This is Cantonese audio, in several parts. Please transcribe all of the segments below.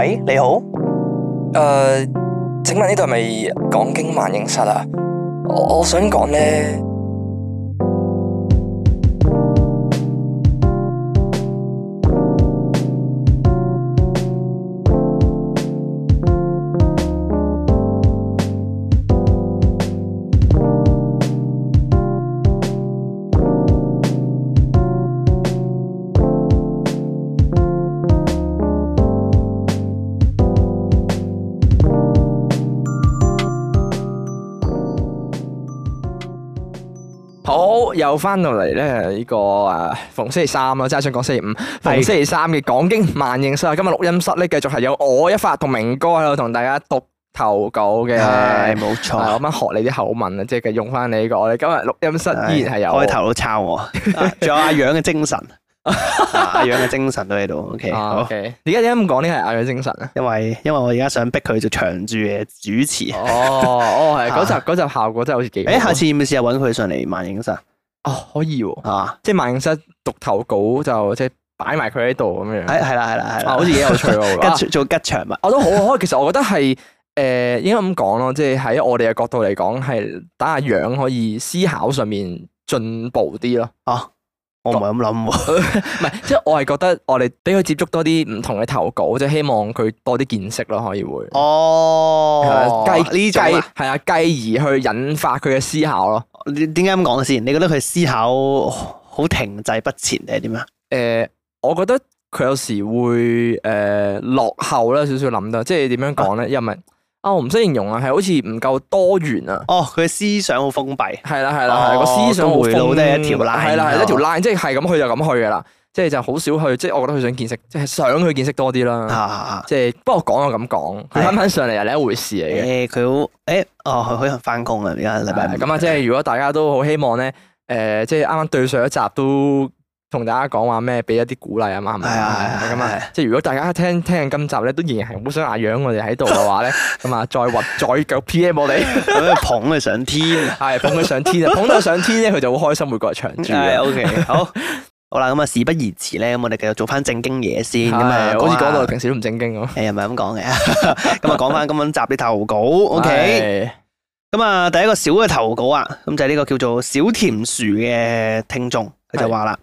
喂，hey, 你好。誒，uh，請問呢度係咪講經萬應室啊？我我想講呢。又翻到嚟咧，呢、呢個啊逢星期三啦，即係想講星期五。逢星期三嘅《講經萬應室》，今日錄音室咧繼續係有我一發同明哥喺度同大家讀投稿嘅。冇錯，啱啱、啊、學你啲口吻啊，即係用翻你呢個。我哋今日錄音室依然係有。開頭都抄我，仲 有阿楊嘅精神， 啊、阿楊嘅精神都喺度。OK，, okay 好。而家點解咁講呢？係阿楊精神啊，因為因為我而家想逼佢做長住嘅主持。哦、啊、哦，係嗰集嗰集效果真係好似幾。誒、欸，下次要唔要試下揾佢上嚟萬應室？哦，可以喎，啊、即係萬應室讀投稿就即係擺埋佢喺度咁樣，係係啦係啦係啦，好似幾有趣喎，吉 做吉祥物，我、啊 哦、都好，我其實我覺得係誒、呃、應該咁講咯，即係喺我哋嘅角度嚟講係打下樣可以思考上面進步啲咯。嗯我唔係咁諗喎，唔係，即係我係覺得我哋俾佢接觸多啲唔同嘅投稿，即係希望佢多啲見識咯，可以會哦。繼呢種係啊，繼而去引發佢嘅思考咯。你點解咁講先？你覺得佢思考好停滯不前定係點啊？誒、呃，我覺得佢有時會誒、呃、落後啦，少少諗得，即係點樣講咧？因為。啊！我唔識形容啊，係好似唔夠多元啊。哦，佢思想好封閉。係啦係啦係，個思想回路都係一條。係啦係，一條 line，即係係咁去就咁去噶啦，即係就好少去。即係我覺得佢想見識，即係想去見識多啲啦。即係不過講就咁講，佢翻翻上嚟係另一回事嚟嘅。誒，佢誒，哦，佢可想翻工啊，而家禮拜。咁啊，即係如果大家都好希望咧，誒，即係啱啱對上一集都。同大家講話咩？俾一啲鼓勵啊嘛，係啊，咁啊，即係如果大家聽聽緊今集咧，都仍然係好想阿楊我哋喺度嘅話咧，咁啊再划再夾 PM 我哋，捧佢上天，係捧佢上天啊，捧到上天咧，佢就會開心，會過嚟長住。係 OK，好，好啦，咁啊事不宜遲咧，咁我哋繼續做翻正經嘢先，咁啊，好似講到平時都唔正經咁。誒，唔係咁講嘅，咁啊講翻今晚集啲投稿，OK，咁啊第一個小嘅投稿啊，咁就係呢個叫做小甜薯嘅聽眾，佢就話啦。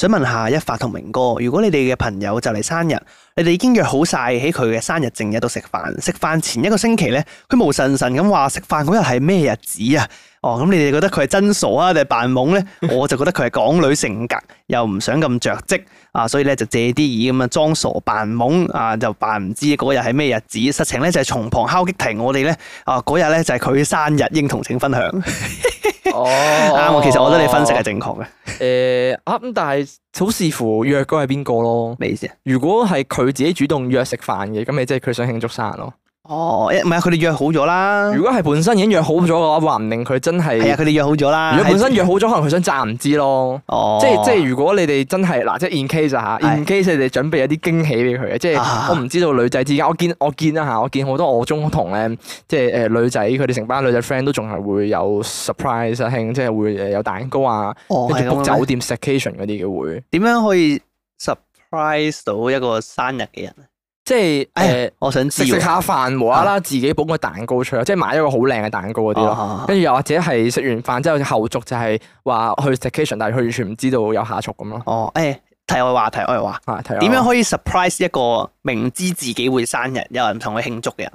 想問下一發同明哥，如果你哋嘅朋友就嚟生日，你哋已經約好晒喺佢嘅生日正日度食飯。食飯前一個星期咧，佢無神神咁話食飯嗰日係咩日子啊？哦，咁你哋覺得佢係真傻啊定係扮懵咧？我就覺得佢係港女性格，又唔想咁着跡啊，所以咧就借啲意咁啊裝傻扮懵啊，就扮唔知嗰日係咩日子。實情咧就係從旁敲擊停我，我哋咧啊嗰日咧就係佢生日，應同情分享。 哦，啱啊！ 其實我覺得你分析係正確嘅，哦。誒，啊咁，但係好視乎約嗰個係邊個咯。咩意思啊？如果係佢自己主動約食飯嘅，咁咪即係佢想慶祝生日咯。哦，唔係啊，佢哋約好咗啦。如果係本身已經約好咗嘅話，話唔定佢真係係啊，佢哋約好咗啦。如果本身約好咗，的可能佢想詐唔知咯。哦，即係即係如果你哋真係嗱，即係 in case 下 in case 你哋準備一啲驚喜俾佢嘅，的即係我唔知道女仔之間，我見我見一下，我見好多我中同咧，即係誒、呃、女仔佢哋成班女仔 friend 都仲係會有 surprise 興，即係會誒有蛋糕啊，跟住 book 酒店 vacation 嗰啲嘅會。點樣可以 surprise 到一個生日嘅人咧？即係誒，哎呦呃、我想食食下飯，無啦啦自己捧個蛋糕出嚟咯，嗯、即係買一個好靚嘅蛋糕嗰啲咯。跟住又或者係食完飯之後後續就係話去 staycation，但係佢完全唔知道有下續咁咯。哦，誒、哎，題外話題我嚟話，點、啊、樣可以 surprise 一個明知自己會生日有人同佢慶祝嘅人？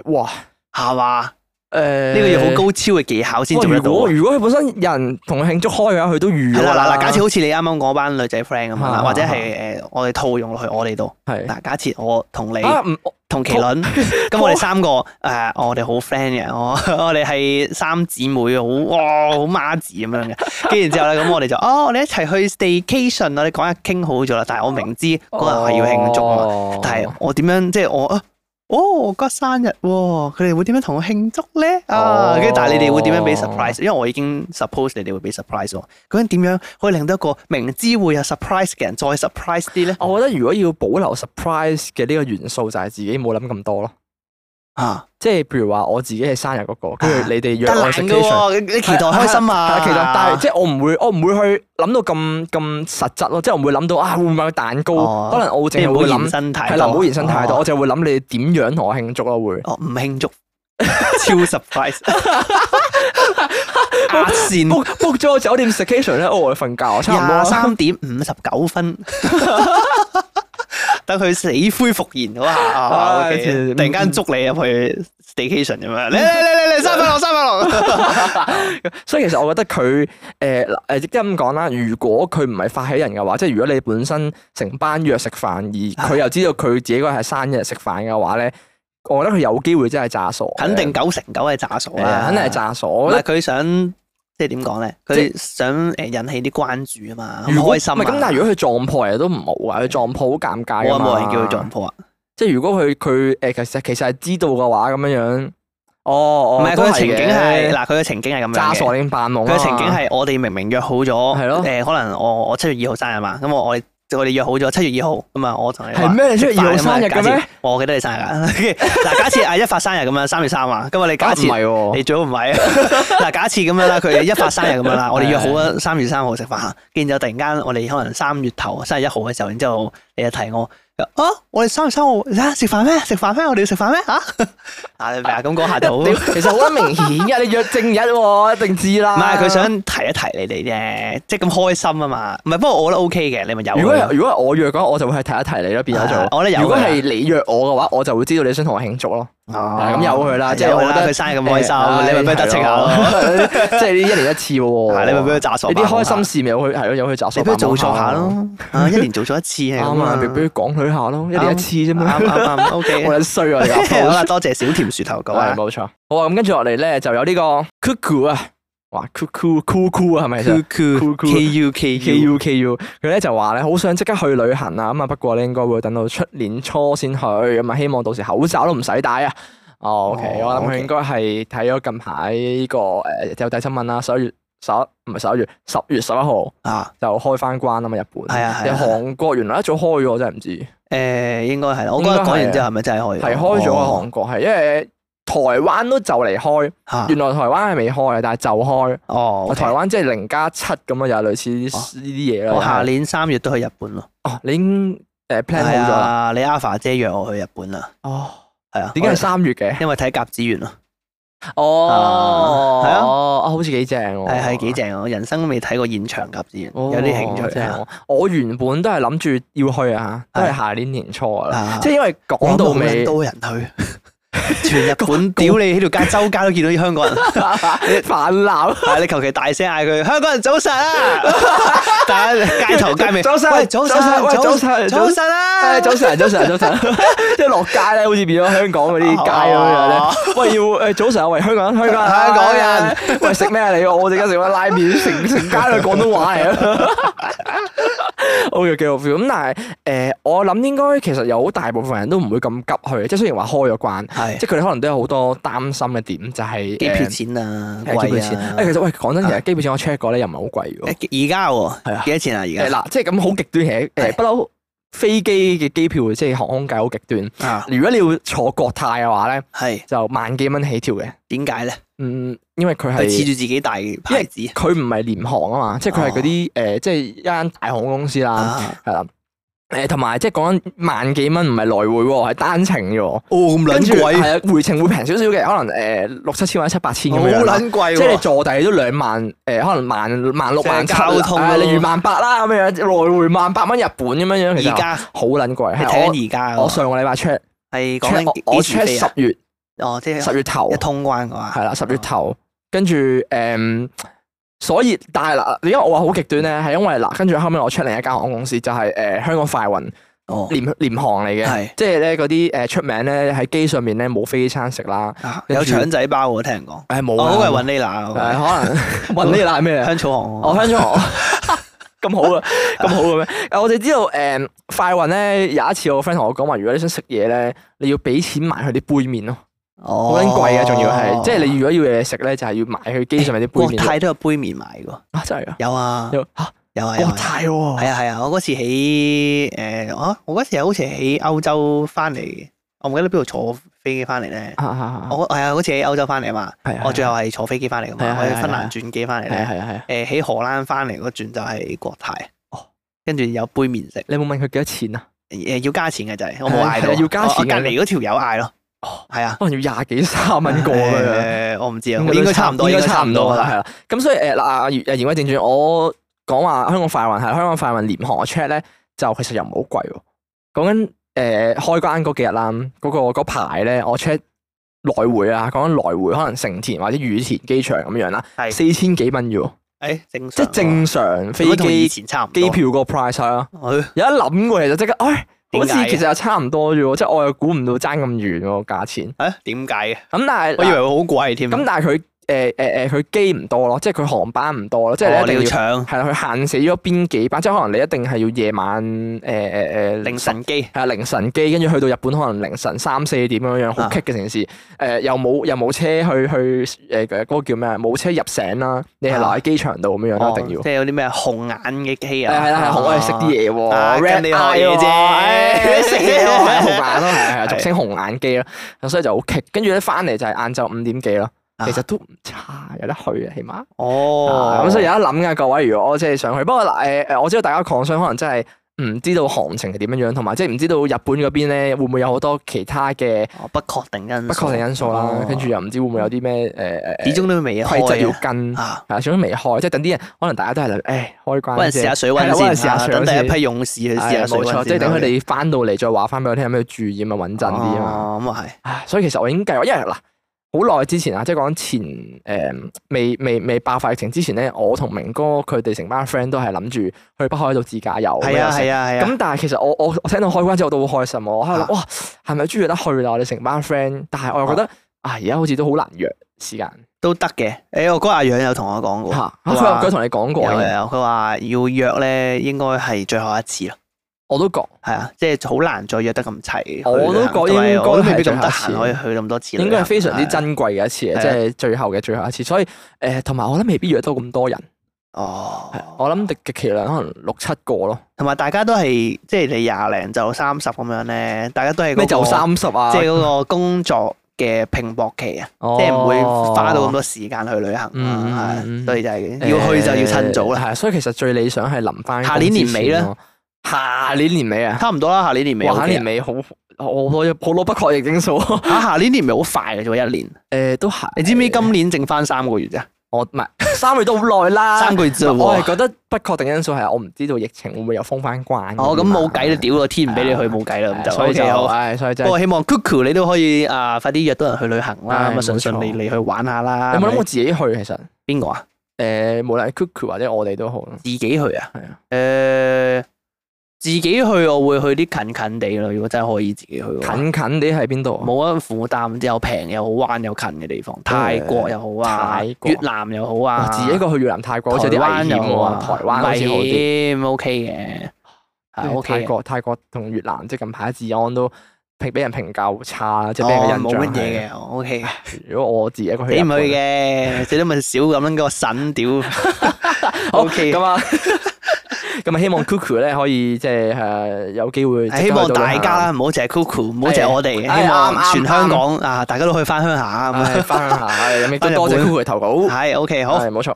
誒、呃，哇，下嘛、啊？誒，呢、欸、個要好高超嘅技巧先做得到如。如果佢本身有人同佢慶祝開嘅話，佢都預係啦。嗱嗱，假設好似你啱啱嗰班女仔 friend 咁啦，啊、或者係誒、呃，我哋套用落去我哋度。嗱是，假設我同你同、啊啊啊、麒麟，咁 我哋三個誒、呃，我哋好 friend 嘅，我我哋係三姊妹好哇，好孖子咁樣嘅。跟住之後咧，咁我哋就哦，你、 哦、一齊去 staycation 啊！你講下傾好咗啦。但係我明知嗰日我要慶祝啊，但係我點樣即係我哦，個生日喎，佢、哦、哋會點樣同我慶祝呢？哦、啊，咁但係你哋會點樣俾 surprise？因為我已經 suppose 你哋會俾 surprise 喎。究竟點樣可以令到一個明知會有 surprise 嘅人再 surprise 啲呢？我覺得如果要保留 surprise 嘅呢個元素，就係自己冇諗咁多咯。啊，即係譬如話我自己係生日嗰個，跟住你哋約我 location 你期待開心啊？係啊，但係即係我唔會，我唔會去諗到咁咁實質咯。即係我唔會諗到啊，會唔會有蛋糕？可能我會淨係諗係啦，唔好延伸太多。我就會諗你點樣同我慶祝咯，會哦唔慶祝超 surprise！壓線 book 咗酒店食 location 咧，我會瞓覺，差唔多三點五十九分。等佢死灰復燃嗰下， 啊、okay, 突然間捉你入去 station 咁樣，嚟嚟嚟嚟嚟，收翻落，收翻落。三百六，三百六 所以其實我覺得佢誒誒即係咁講啦，如果佢唔係發起人嘅話，即係如果你本身成班約食飯，而佢又知道佢自己嗰個係生日食飯嘅話咧，我覺得佢有機會真係詐傻，肯定九成九係詐傻啦，是啊、肯定係詐傻。但係，佢想。即係點講咧？佢想誒引起啲關注啊嘛，唔果開心咁、啊，但係如果佢撞破其實都唔好啊！佢撞破好尷尬啊！點解冇人叫佢撞破啊？即係如果佢佢誒，其實其實係知道嘅話，咁樣樣哦唔係佢嘅情景係嗱，佢嘅的情景係咁樣，詐傻定扮懵？佢嘅情景係我哋明明約好咗，係咯的？誒、呃，可能我我七月二號生日嘛，咁、嗯、我我。我我我哋約好咗七月二號，咁啊，我同你係咩七月二號生日噶咩？我記得你生日噶，嗱， 假設阿一發生日咁樣，三月三前啊，咁啊，你假設唔係喎，你最好唔係啊，嗱，假設咁樣啦，佢一發生日咁樣啦，我哋約好咗三月三號食飯，跟住就突然間我哋可能三月頭三月一號嘅時候，然之後你就提我。啊！我哋三月三號？食飯咩？食飯咩？我哋要食飯咩？吓啊！你咩 啊？咁、那、嗰、個、下就，好。 其實好明顯噶。你約正日、喎，我一定知啦。唔係佢想提一提你哋啫，即係咁開心啊嘛。唔係，不過我覺得 OK 嘅。你咪有如。如果如果我約嘅話，我就會去提一提你咯。變咗做、啊。我有。如果係你約我嘅話，我就會知道你想同我慶祝咯。咁、哦嗯、由佢啦，即係我覺得佢生日咁開心，欸啊、你咪俾得戚下咯，即係、啊就是、一年一次喎、啊啊。你咪俾佢炸傻，你啲開心事咪有去係咯，由佢炸傻。你咪俾佢做錯下咯， 一年做錯一次係咁啊，咪俾佢講佢下咯，啊、一年一次啫嘛、啊。啱啱、啊啊、OK， 我衰我、啊、啦， 多謝小甜薯頭狗 啊，冇錯。好 oo 啊，咁跟住落嚟咧就有呢個 Kuku 啊。哇，Kuku Kuku 啊，係咪？Kuku Kuku，K U K U K U K U。佢咧就話咧，好想即刻去旅行啊，咁啊，不過咧應該會等到出年初先去，咁啊，希望到時口罩都唔使戴啊。OK，我諗佢應該係睇咗近排呢個誒有第新聞啦，十一月十一唔係十一月十月十一號啊，就開翻關啊嘛，日本係啊係韓國原來一早開咗，我真係唔知。誒，應該係我覺得講完之後係咪真係開咗？係開咗啊，韓國係因為。台灣都就嚟開，原來台灣係未開，但係就開。哦，台灣即係零加七咁啊，又係類似呢啲嘢啦。我下年三月都去日本咯。哦，你已經誒 plan 好咗啦。你阿凡姐約我去日本啦。哦，係啊。點解係三月嘅？因為睇甲子園啊。哦，係啊，啊，好似幾正喎。係係幾正啊！我人生都未睇過現場甲子園，有啲興趣。我原本都係諗住要去啊，都係下年年初啊。即係因為講到未多人去。全日本屌你街！喺條街周街都見到啲香港人你濫，但係你求其大聲嗌佢，香港人早晨，啊！喺街頭街尾早晨，早晨， 早晨，早晨啊上， 早晨，早晨，早晨，即係落街咧，好似變咗香港嗰啲街咁樣咧。 喂，要誒、欸，早晨喂，香港人，香港人， 港人， 喂，食咩、啊？你我哋而家食咩拉麵？成成街都廣東話嚟。 O.K. 幾好 feel 咁，但係誒、呃，我諗應該其實有好大部分人都唔會咁急去，即係雖然話開咗關，是即係佢哋可能都有好多擔心嘅點，就係、是、機票錢啊、呃、貴啊。誒、呃，其實喂，講真其實，機票錢我 check 過咧，又唔係好貴嘅。而家喎，幾、啊、多錢啊？而家嗱，即係咁好極端，其實不嬲是飛機嘅機票，即係航空界好極端。啊、如果你要坐國泰嘅話咧，係就是是萬幾蚊起跳嘅。點解咧？嗯，因為佢係黐住自己大牌子，佢唔係廉航啊嘛，即係佢係嗰啲誒，即係一間大航空公司啦，係啦，誒，同埋即係講緊萬幾蚊，唔係來回喎，係單程嘅喎。哦咁撚貴，係啊，回程會平少少嘅，可能誒六七千或者七八千咁樣，好撚貴，即係坐底都兩萬，誒，可能萬萬六萬交通例如萬八啦咁樣樣，來回萬八蚊日本咁樣樣，而家好撚貴，睇緊而家，我上個禮拜 check 係講緊，我我 check 十月。哦，即係十月頭一通關噶嘛？係啦，十月頭跟住誒，所以但係嗱，你因為我話好極端咧，係因為嗱，跟住後尾我出嚟另一間航空公司，就係誒香港快運哦，廉廉航嚟嘅，即係咧嗰啲誒出名咧喺機上面咧冇飛機餐食啦，有腸仔包，我聽人講，誒冇啊，個係雲呢娜，可能雲呢娜咩？香草航，哦香草航，咁好啊，咁好嘅咩？我哋知道誒快運咧，有一次我 friend 同我講話，如果你想食嘢咧，你要俾錢買佢啲杯麵咯。好撚貴啊！仲要係，即係你如果要嘢食咧，就係要買去機上面啲杯麵。國泰都有杯麵買噶，啊真係啊，有啊，有啊，國泰喎，係啊係啊，我嗰次喺我嗰次好似喺歐洲翻嚟，我唔記得邊度坐飛機翻嚟咧。我係啊，好似喺歐洲翻嚟啊嘛，我最後係坐飛機翻嚟噶，我喺芬蘭轉機翻嚟。係係誒，喺荷蘭翻嚟個轉就係國泰，哦，跟住有杯麵食。你冇問佢幾多錢啊？誒，要加錢嘅就係，我冇嗌，要加錢隔籬嗰條友嗌咯。哦，係啊，可能要廿幾三蚊過去，樣，我唔知啊，應該差唔多，應該差唔多啦，係啦。咁所以誒嗱、呃呃，言言歸正傳，我講話香港快運係香港快運廉航我，我 check 咧就其實又唔係好貴。講緊誒開關嗰幾日啦，嗰、那個嗰排咧，我 check 來回啊，講緊來回，來回可能成田或者羽田機場咁樣啦，係的四千幾蚊要，誒、欸、正、啊，即係正常飛機機票個 price 啊，有得諗嘅其實即刻，哎。好似其實又差唔多啫喎，即係我又估唔到爭咁遠個價錢。嚇點解嘅？咁但係我以為會好貴添。咁、啊、但係佢。誒誒誒，佢機唔多咯，即係佢航班唔多咯，即係你一定要搶係啦，佢限死咗邊幾班，即係可能你一定係要夜晚誒誒誒凌晨機，係啊凌晨機，跟住去到日本可能凌晨三四點咁樣樣，好棘嘅一件事城市。誒又冇又冇車去去誒誒嗰個叫咩啊？冇車入城啦，你係留喺機場度咁樣樣啦，一定要。即係有啲咩紅眼嘅機啊？係啦係啦，可以食啲嘢喎，跟住你要食咯，係紅眼咯，係係俗稱紅眼機咯，咁所以就好棘。跟住咧翻嚟就係晏晝五點幾咯。其實都唔差，有得去啊，起碼。哦。咁所以有得諗噶，各位，如果我即係想去，不過誒誒，我知道大家擴商可能真係唔知道行情係點樣樣，同埋即係唔知道日本嗰邊咧會唔會有好多其他嘅不確定因不確定因素啦，跟住又唔知會唔會有啲咩誒始終都未開規則要跟始終未開，即係等啲人可能大家都係誒開關先，嗰陣試下水溫先，嗰陣試下等第一批勇士去試下冇錯即係等佢哋翻到嚟再話翻俾我聽有咩注意，咪穩陣啲啊嘛。咁啊係。所以其實我已經計劃一日嗱。好耐之前啊，即係講前誒、嗯、未未未爆發疫情之前咧，我同明哥佢哋成班 friend 都係諗住去北海道自駕遊。係啊係啊係啊。咁、啊啊、但係其實我我我聽到開關之後我都好開心，我係諗，哇，係咪終於得去啦？我哋成班 friend。但係我又覺得啊，而家好似都好難約時間。都得嘅，誒、哎，我哥阿楊有同我講，佢話我同你講過，佢話、啊、說要約咧，應該係最後一次啦。我都覺係啊，即係好難再約得咁齊。我都覺得應該都未必咁得閒可以去咁多次。應該係非常之珍貴嘅一次，即係最後嘅最後一次。所以誒，同埋我諗未必約到咁多人。哦，我諗極其量可能六七個咯。同埋大家都係即係你廿零就三十咁樣咧，大家都係咩就三十啊？即係嗰個工作嘅拼搏期啊，即係唔會花到咁多時間去旅行。係，所以就係要去就要趁早啦。係，所以其實最理想係臨翻下年年尾啦。下年年尾啊，差唔多啦。下年年尾，下年尾好，我我好多不確定因素。啊，下年年尾好快嘅，啫一年。誒，都係。你知唔知今年剩翻三個月啫？我唔係，三個月都好耐啦。三個月啫，我係覺得不確定因素係我唔知道疫情會唔會又封翻關。哦，咁冇計啦，屌個天，唔俾你去冇計啦，咁就。所以就係，所以就。我希望 Cuckoo 你都可以啊，快啲約多人去旅行啦，咁啊順順利利去玩下啦。有冇諗過自己去？其實邊個啊？誒，無論 Cuckoo 或者我哋都好，自己去啊？係啊。誒。自己去我會去啲近近地咯，如果真係可以自己去。近近地喺邊度啊？冇乜負擔，又平，又好彎，又近嘅地方。對泰國又好啊，越南又好啊。自己一個去越南、泰國台灣 好似啲危險、okay、啊。台灣危險 OK 嘅，OK，泰國泰國同越南即係近排治安都。評俾人評價好差，即係俾個印象，冇乜嘢嘅，OK。如果我自己一個去，你唔去嘅，你都咪少咁樣個神屌。OK，咁啊，咁啊，希望 Kuku 咧可以即係誒有機會。希望大家啦，唔好借 Kuku，唔好借我哋，希望全香港啊，大家都可以翻鄉下，翻鄉下。多謝 Kuku 投稿。係 OK，好，冇錯。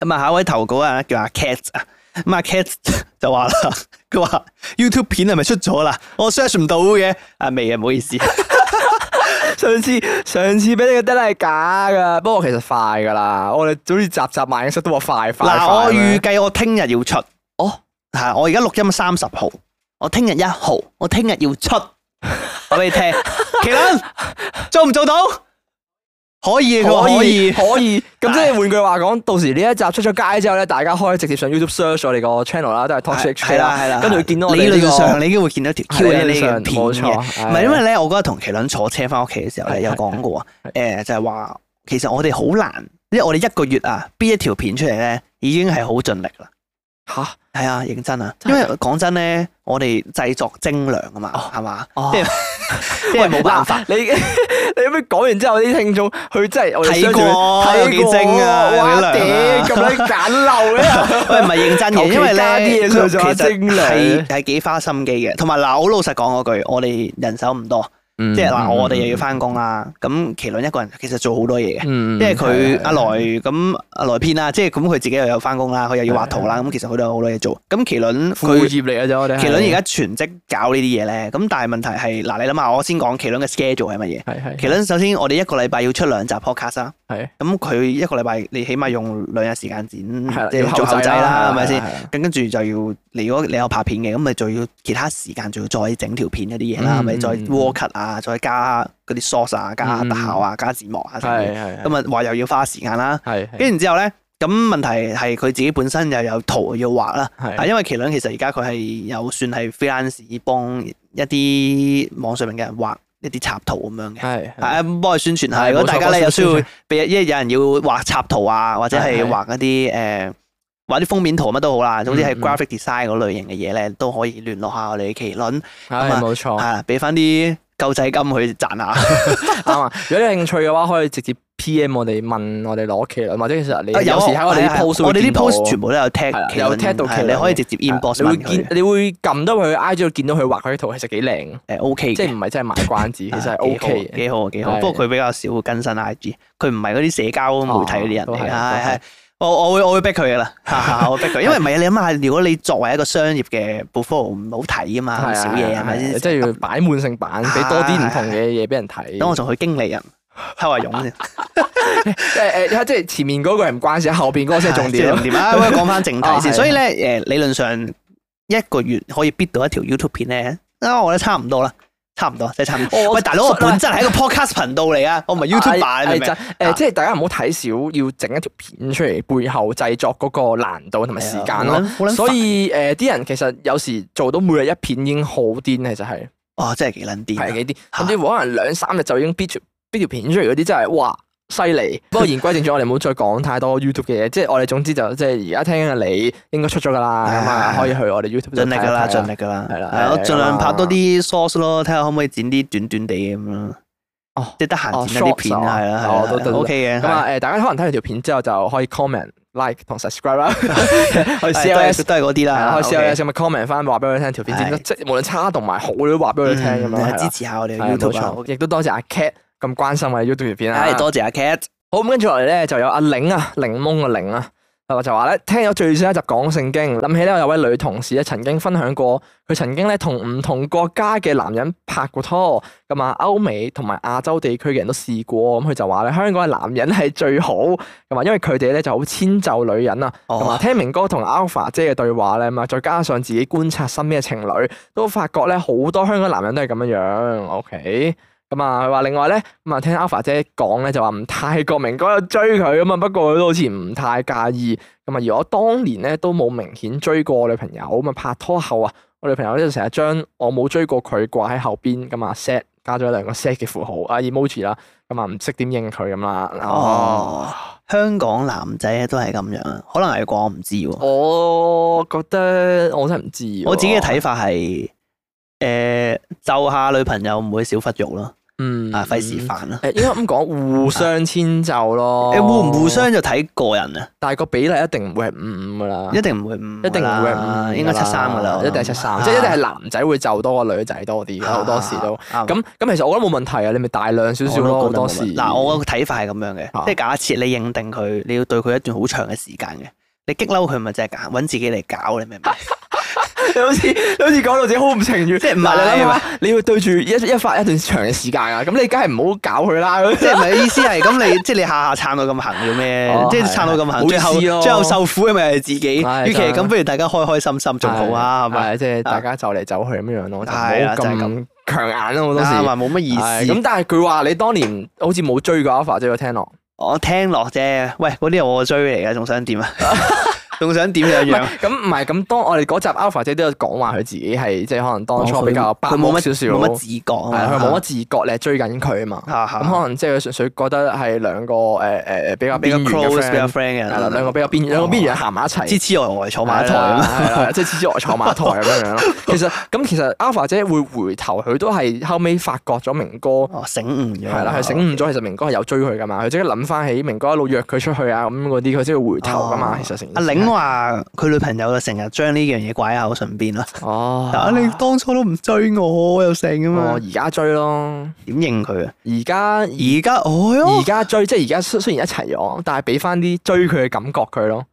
咁啊，下一位投稿啊，叫阿 Cat 啊，咁啊 Cat 就話啦。佢話 YouTube 片係咪出咗啦？我 search 唔到嘅，啊未嘅，唔好意思。 上次上次俾你嘅都係假噶，不過其實快噶啦，我哋早啲集集萬應室都話快快。嗱看，乘乘乘我預計我聽日要出，哦係，我而家錄音三十號，我聽日一號，我聽日要出， 我俾你聽，麒麟 做唔做到？可以，可以，可以，可以。咁即係換句話講， 到時呢一集出咗街之後咧，大家可以直接上 YouTube search 我哋個 channel 啦，都係 Talk Shit 啦，跟住會見到我、這個。我理論上你已經會見到一條 QNL 嘅片，唔係因為咧，我嗰日同麒麟坐車翻屋企嘅時候咧，有講過誒，就係、是、話其實我哋好難，即係我哋一個月啊，編一條片出嚟咧，已經係好盡力啦。吓，係啊，認真啊，因為講真咧，我哋製作精良啊嘛，係嘛，因為冇辦法，你你咁樣講完之後，啲聽眾佢真係睇過睇幾精啊，有幾靚啊，咁樣簡陋嘅，唔係認真嘅，因為咧，其實係係幾花心機嘅，同埋嗱，好老實講嗰句，我哋人手唔多。即係嗱，我哋又要翻工啦。咁麒麟一個人其實做好多嘢嘅，因為佢阿萊咁阿萊編啦。即係咁佢自己又有翻工啦，佢又要畫圖啦。咁其實佢都有好多嘢做。咁麒麟副業嚟嘅咋我哋？麒麟而家全職搞呢啲嘢咧。咁但係問題係嗱，你諗下，我先講麒麟嘅 schedule 係乜嘢。麒麟首先，我哋一個禮拜要出兩集 podcast 啊。係。咁佢一個禮拜你起碼用兩日時間剪，即係做剪仔啦，係咪先？咁跟住就要，如果你有拍片嘅，咁你就要其他時間就要再整條片嗰啲嘢啦，咪再 work。啊！再加嗰啲 source 啊，加特效啊，加字幕啊，咁啊，話又要花時間啦。跟然之後咧，咁問題係佢自己本身又有圖要畫啦。啊，因為麒麟其實而家佢係有算係 freelance 幫一啲網上面嘅人畫一啲插圖咁樣嘅，啊，幫佢宣傳下。如果大家咧有需要，俾因為有人要畫插圖啊，或者係畫一啲誒。玩啲封面圖乜都好啦，總之係 graphic design 嗰類型嘅嘢咧，都可以聯絡下我哋嘅麒麟，係冇錯，係俾翻啲救濟金去賺下，啱啊！如果有興趣嘅話，可以直接 P M 我哋問我哋攞麒麟。或者其實你有時喺我哋啲 post 全部都有 tag 麒麟，有 tag 到麒麟，你可以直接 inbox 上去，你會撳到佢 I G 見到佢畫嗰啲圖，其實幾靚，OK，即係唔係真係賣關子，其實係 OK，幾好，幾好，不過佢比較少更新 I G，佢唔係嗰啲社交媒體嗰啲人係係。我我會我會逼佢噶啦，我逼佢，因為唔係，你諗下，如果你作為一個商業嘅 portfolio 唔好睇啊嘛， 少嘢係咪先？即係、啊啊啊、要擺滿成版，俾多啲唔同嘅嘢俾人睇。等、啊啊、我做佢經理人，開話用先。誒誒，即係前面嗰個係唔關事，後邊嗰個先係重點啊！咁樣講翻正題先。 啊啊、所以咧，誒理論上一個月可以逼到一條 YouTube 片咧，啊、哦，我覺得差唔多啦。差唔多，真係差唔多。喂，大佬，我本質係一個 podcast 頻道嚟啊，我唔係 YouTube 啊，係咪？誒，即係大家唔好睇少，要整一條片出嚟，背後製作嗰個難度同埋時間咯。所以誒，啲人其實有時做到每日一片已經好癲，其實係。哦，真係幾撚癲，係幾癲。甚至可能兩三日就已經迫出迫條片出嚟嗰啲，真係哇。犀利，不過言歸正傳，我哋唔好再講太多 YouTube 嘅嘢，即係我哋總之就即係而家聽緊你應該出咗噶啦，咁啊可以去我哋 YouTube。盡力噶啦，盡力噶啦，係啦，我盡量拍多啲 source 咯，睇下可唔可以剪啲短短哋咁樣，哦，即係得閒剪一啲片係啦，係啦，O K 嘅。咁啊，誒，大家可能睇完條片之後就可以 comment like 同 subscribe 啦，去 CLS 都係嗰啲啦，係。C L S 咪 comment 翻話俾我聽條片，即係無論差同埋好都話俾我聽咁樣，支持下我哋 YouTube，亦都多謝阿 Cat。咁關心啊！YouTube 片啊，係多謝阿、啊、Cat。Kat、好咁，跟住落嚟咧，就有阿檸啊，檸檬啊，檸啊，啊，就話咧，聽咗最新一集講聖經，諗起咧，我有位女同事咧，曾經分享過，佢曾經咧同唔同國家嘅男人拍過拖，咁啊，歐美同埋亞洲地區嘅人都試過。咁佢就話咧，香港嘅男人係最好，咁啊，因為佢哋咧就好遷就女人啊。咁啊，聽明哥同 Alpha 姐嘅對話咧，啊，再加上自己觀察身邊嘅情侶，都發覺咧好多香港男人都係咁樣樣。OK。咁啊，佢話另外咧咁啊，聽 Alpha 姐講咧就話唔太過明，嗰日追佢咁啊。不過佢都好似唔太介意咁啊。而我當年咧都冇明顯追過我女朋友咁啊。拍拖後啊，我女朋友咧就成日將我冇追過佢掛喺後邊咁啊。set 加咗兩個 set 嘅符號 emoji 啦咁啊，唔識點應佢咁啦。哦，嗯、香港男仔都係咁樣，可能係過我唔知喎。我覺得我真係唔知。我自己嘅睇法係誒、嗯呃，就下女朋友唔會少忽肉咯。嗯，啊，費事煩啦。誒，應該咁講，互相遷就咯。誒，互唔互相就睇個人啊。但係個比例一定唔會係五五噶啦，一定唔會五，一定唔會五，應該七三噶啦，一定係七三。即係一定係男仔會就多過女仔多啲，好多時都。咁咁其實我覺得冇問題啊，你咪大量少少咯。好多時。嗱，我個睇法係咁樣嘅，即係假設你認定佢，你要對佢一段好長嘅時間嘅，你激嬲佢咪即係揾自己嚟搞你明唔明？你好似你好似講到自己好唔情願，即係唔係你諗你要對住一一發一段長嘅時間啊！咁你梗係唔好搞佢啦，即係唔係意思係咁你即係你下下撐到咁行做咩？即係撐到咁行，最後最後受苦嘅咪係自己。與其咁，不如大家開開心心仲好啊，係咪？即係大家走嚟走去咁樣樣咯，唔好咁強硬咯。我當時話冇乜意思，咁但係佢話你當年好似冇追過一發，即係我聽落，我聽落啫。喂，嗰啲係我追嚟嘅，仲想點啊？仲想點樣樣？咁，唔係咁。當我哋嗰集 Alpha 姐都有講話，佢自己係即係可能當初比較佢冇乜少少，冇乜自覺，佢冇乜自覺咧追緊佢啊嘛。咁可能即係佢純粹覺得係兩個誒誒比較邊緣嘅 friend 嘅，係啦，兩個比較邊兩個邊緣行埋一齊，痴痴呆呆坐埋台咁樣，即係痴痴呆坐埋一台咁樣咯。其實咁其實 Alpha 姐會回頭，佢都係後尾發覺咗明哥醒悟，係啦，佢醒悟咗，其實明哥係有追佢噶嘛。佢即刻諗翻起明哥一路約佢出去啊咁嗰啲，佢先會回頭噶嘛。其實咁話佢女朋友就成日將呢樣嘢掛喺我唇邊咯。哦， 你當初都唔追我又成啊嘛。我而家追咯，點認佢啊？而家而家，哎呀！而家追即係而家，雖雖然一齊咗，但係俾翻啲追佢嘅感覺佢咯。